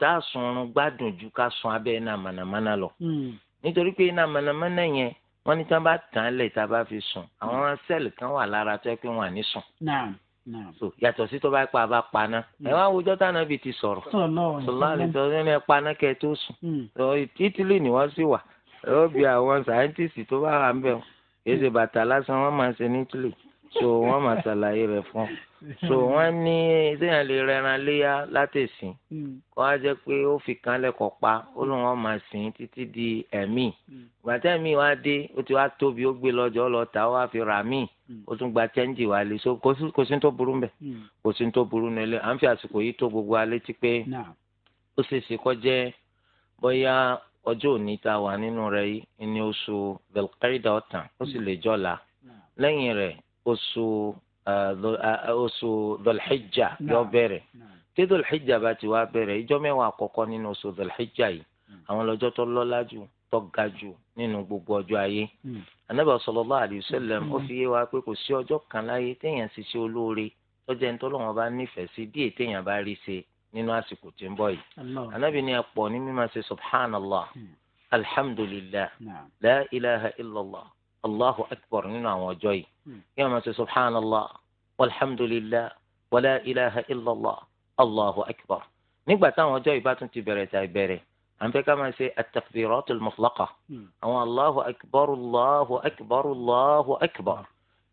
tá a sùn gbádùn ju ká sùn abẹ́ ná mànàmáná lọ mm nítorí pé iná mọ̀nàmọ́ná yẹn wọ́n ní tí wọ́n bá tàn án lẹ̀ tá a bá fi sùn àwọn hmm. sẹ́ẹ̀lì kan wà lára tó yẹ pé wọ́n à ní sùn. so yàtọ̀ sí tó bá pa bá paná hmm. ẹ wá wùjọ́ táná bíi ti sọ̀rọ̀ sọlá àlejò ní ẹ paná kẹ tó sùn hmm. Italy ni wọ́n sì wà ó bí àwọn sáyẹ́ntìsì tó bá wà ń bẹ̀ èsì bàtà lásán wọ́n máa ṣe ní Italy. so wọ́n máa ṣàlàyé rẹ̀ fún so wọ́n ní sẹ́yìn lè rẹran léyà látẹ̀sìn hmm. kó wá jẹ́ pé ó fi kan lẹ́kọ̀ọ́ pa ó lóun wọ́n máa sìn títí di ẹ̀mí hmm. gbàtẹ́ mi wá dé ó ti wá tóbi ó gbé lọ́jọ́ lọ tà ó wá fi rà míì hmm. ó tún gba chẹ́ńjì wá lé so kò sí tó burú mbẹ̀ kò sí tó burú nílé à ń fi àsìkò yìí tó gbogbo alẹ́ ti pé ó ṣèṣe kó jẹ́ bóyá ọjọ́ òní ta wà nínú rẹ̀ yìí ni oṣù belkaida ọ̀tàn ó sì lè jọ̀la lẹ́yìn rẹ̀ oṣù oṣù dọlhijja yóò bẹ̀rẹ̀ tí dọlhijja bá ti wá bẹ̀rẹ̀ ìjọ mẹ́wàá àkọ́kọ́ nínú oṣù dọlhijja yìí hmm. àwọn lọ́jọ́ tó lọ́lá jù tó ga jù nínú gbogbo ọjọ́ ayé anabi hmm. sallallahu alayhi wa sallam ó hmm. fi yé wa pé kò sí ọjọ́ kan láyé téèyàn sì ṣe olóore tọjá ẹni tọ́lọ́wọ́n bá nífẹ̀ẹ́ sí bí ètéèyàn bá rí ṣe nínú àsìkò tí ń bọ̀ yìí anabi ni ẹ ní mímọ̀ ṣe subhanallah alhamdulillah la ilaha illallah. الله أكبر منا وجوي يا سبحان الله والحمد لله ولا إله إلا الله الله أكبر نقبع تان وجوي باتن تبري تبري عن كما سي التكبيرات المطلقة أو الله أكبر الله أكبر الله أكبر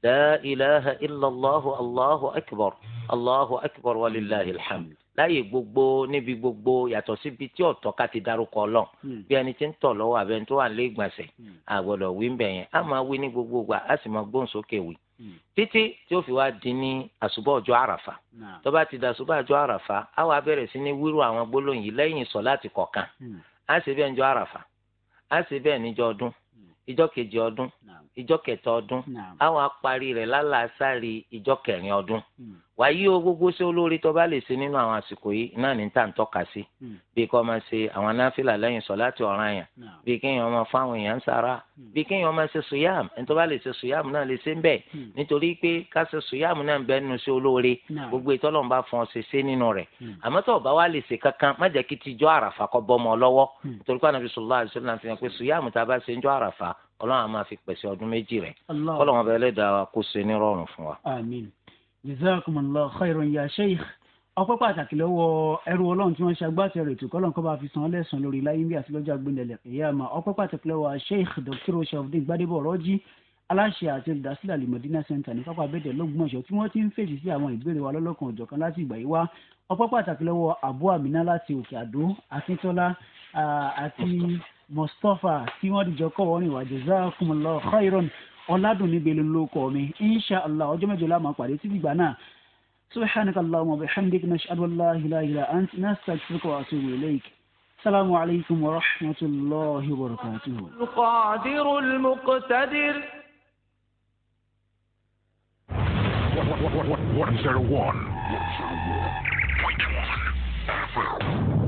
لا إله إلا الله الله أكبر الله أكبر ولله الحمد láyè gbogbo níbi gbogbo yàtọ̀ síbi tí ọ̀tọ̀ ká ti darúkọ ọlọ́ hmm. bí ẹni tí ń tọ̀ lọ́wọ́ àbẹ́ni tó wà ní ìgbọ̀nsẹ̀ àgbọ̀dọ̀ hmm. wí ń bẹ̀ yẹn á máa wí ní gbogbo ìgbà á sì máa gbóhùn sókè wí hmm. títí tí ó fi wá di ní àṣùbọ̀ ọjọ́ àràfà tó bá ti da àṣùbọ̀ ọjọ́ àràfà á wá bẹ̀rẹ̀ sí ní wíru àwọn gbólóhùn yìí lẹ́yìn sọ láti kọ̀ọ̀kan á sì bẹ́ẹ̀ níjọ́ àràfà á sì bẹ́ẹ̀ níjọ́ ọdún ìjọ́ kejì ọdún ìjọ́ kẹta ọdún á wá parí rẹ̀ lálàásárì ìjọ́ kẹrin ọdún wàyí o gbogbo ṣé olórí tó bá lè ṣe nínú àwọn àsìkò yìí náà ní tà ń tọ́ka sí hmm. bí kò máa ṣe àwọn náfìlà lẹ́yìn sọ láti ọ̀ràn yẹn bí kéèyàn máa fáwọn èèyàn sára hmm. bí kéèyàn máa ṣe sùyàm ẹni tó bá lè ṣe sùyàm náà lè ṣe ń bẹ̀ hmm. nítorí pé ká ṣe sùyàm náà ń bẹ́ nínú ṣé olóore gbogbo ìtọ́lọ́n bá fọn ṣe ṣe nínú rẹ̀ àmọ́ tó bá wà lè ṣe kankan má jẹ́ kí ti jọ́ àràfà kọ́ bọ́mọ lọ́wọ́ nítorí pé Ànábì sallallahu alaihi jazakumullahu khairan ya sheikh ọpẹ́ pàtàkì lọ́wọ́ ẹrú ọlọ́run tí wọ́n ṣe agbátẹrù ètò kọ́lọ́n kọ́ bá fi san lẹ́sàn lórí láyé bí àti lọ́jọ́ agbẹ́ndẹ̀lẹ̀ ìyáàmà ọpẹ́ pàtàkì lọ́wọ́ sheikh dr oshavdin gbadebo ọ̀rọ́jì aláṣẹ àti olùdásílẹ̀ alimọ̀dínà center ní pápá abẹ́dẹ̀ lọ́gbọ̀nsọ̀ tí wọ́n ti ń fèsì sí àwọn ìbéèrè wa lọ́lọ́kan ọ̀jọ̀kan láti ìgbà yìí wá ọpẹ́ pàtàkì lọ́wọ́ abu amina láti òkè àdó akíntola àti mustapha tí wọ́n dìjọ kọ́ wọ́n rìn wá jazakumullahu khairan ọ̀làdùnní gbélé ló kọ́ mi insha allah ọjọ́ mẹ́jọ la máa pàdé títí gbà náà subhanak allahumma wa bihamdik nashhadu an la ilaha illa ant nastaghfiruka wa atubu ilayk salamu alaykum wa rahmatulahi wa barakatuhu. القادر المقتدر 101.1 FM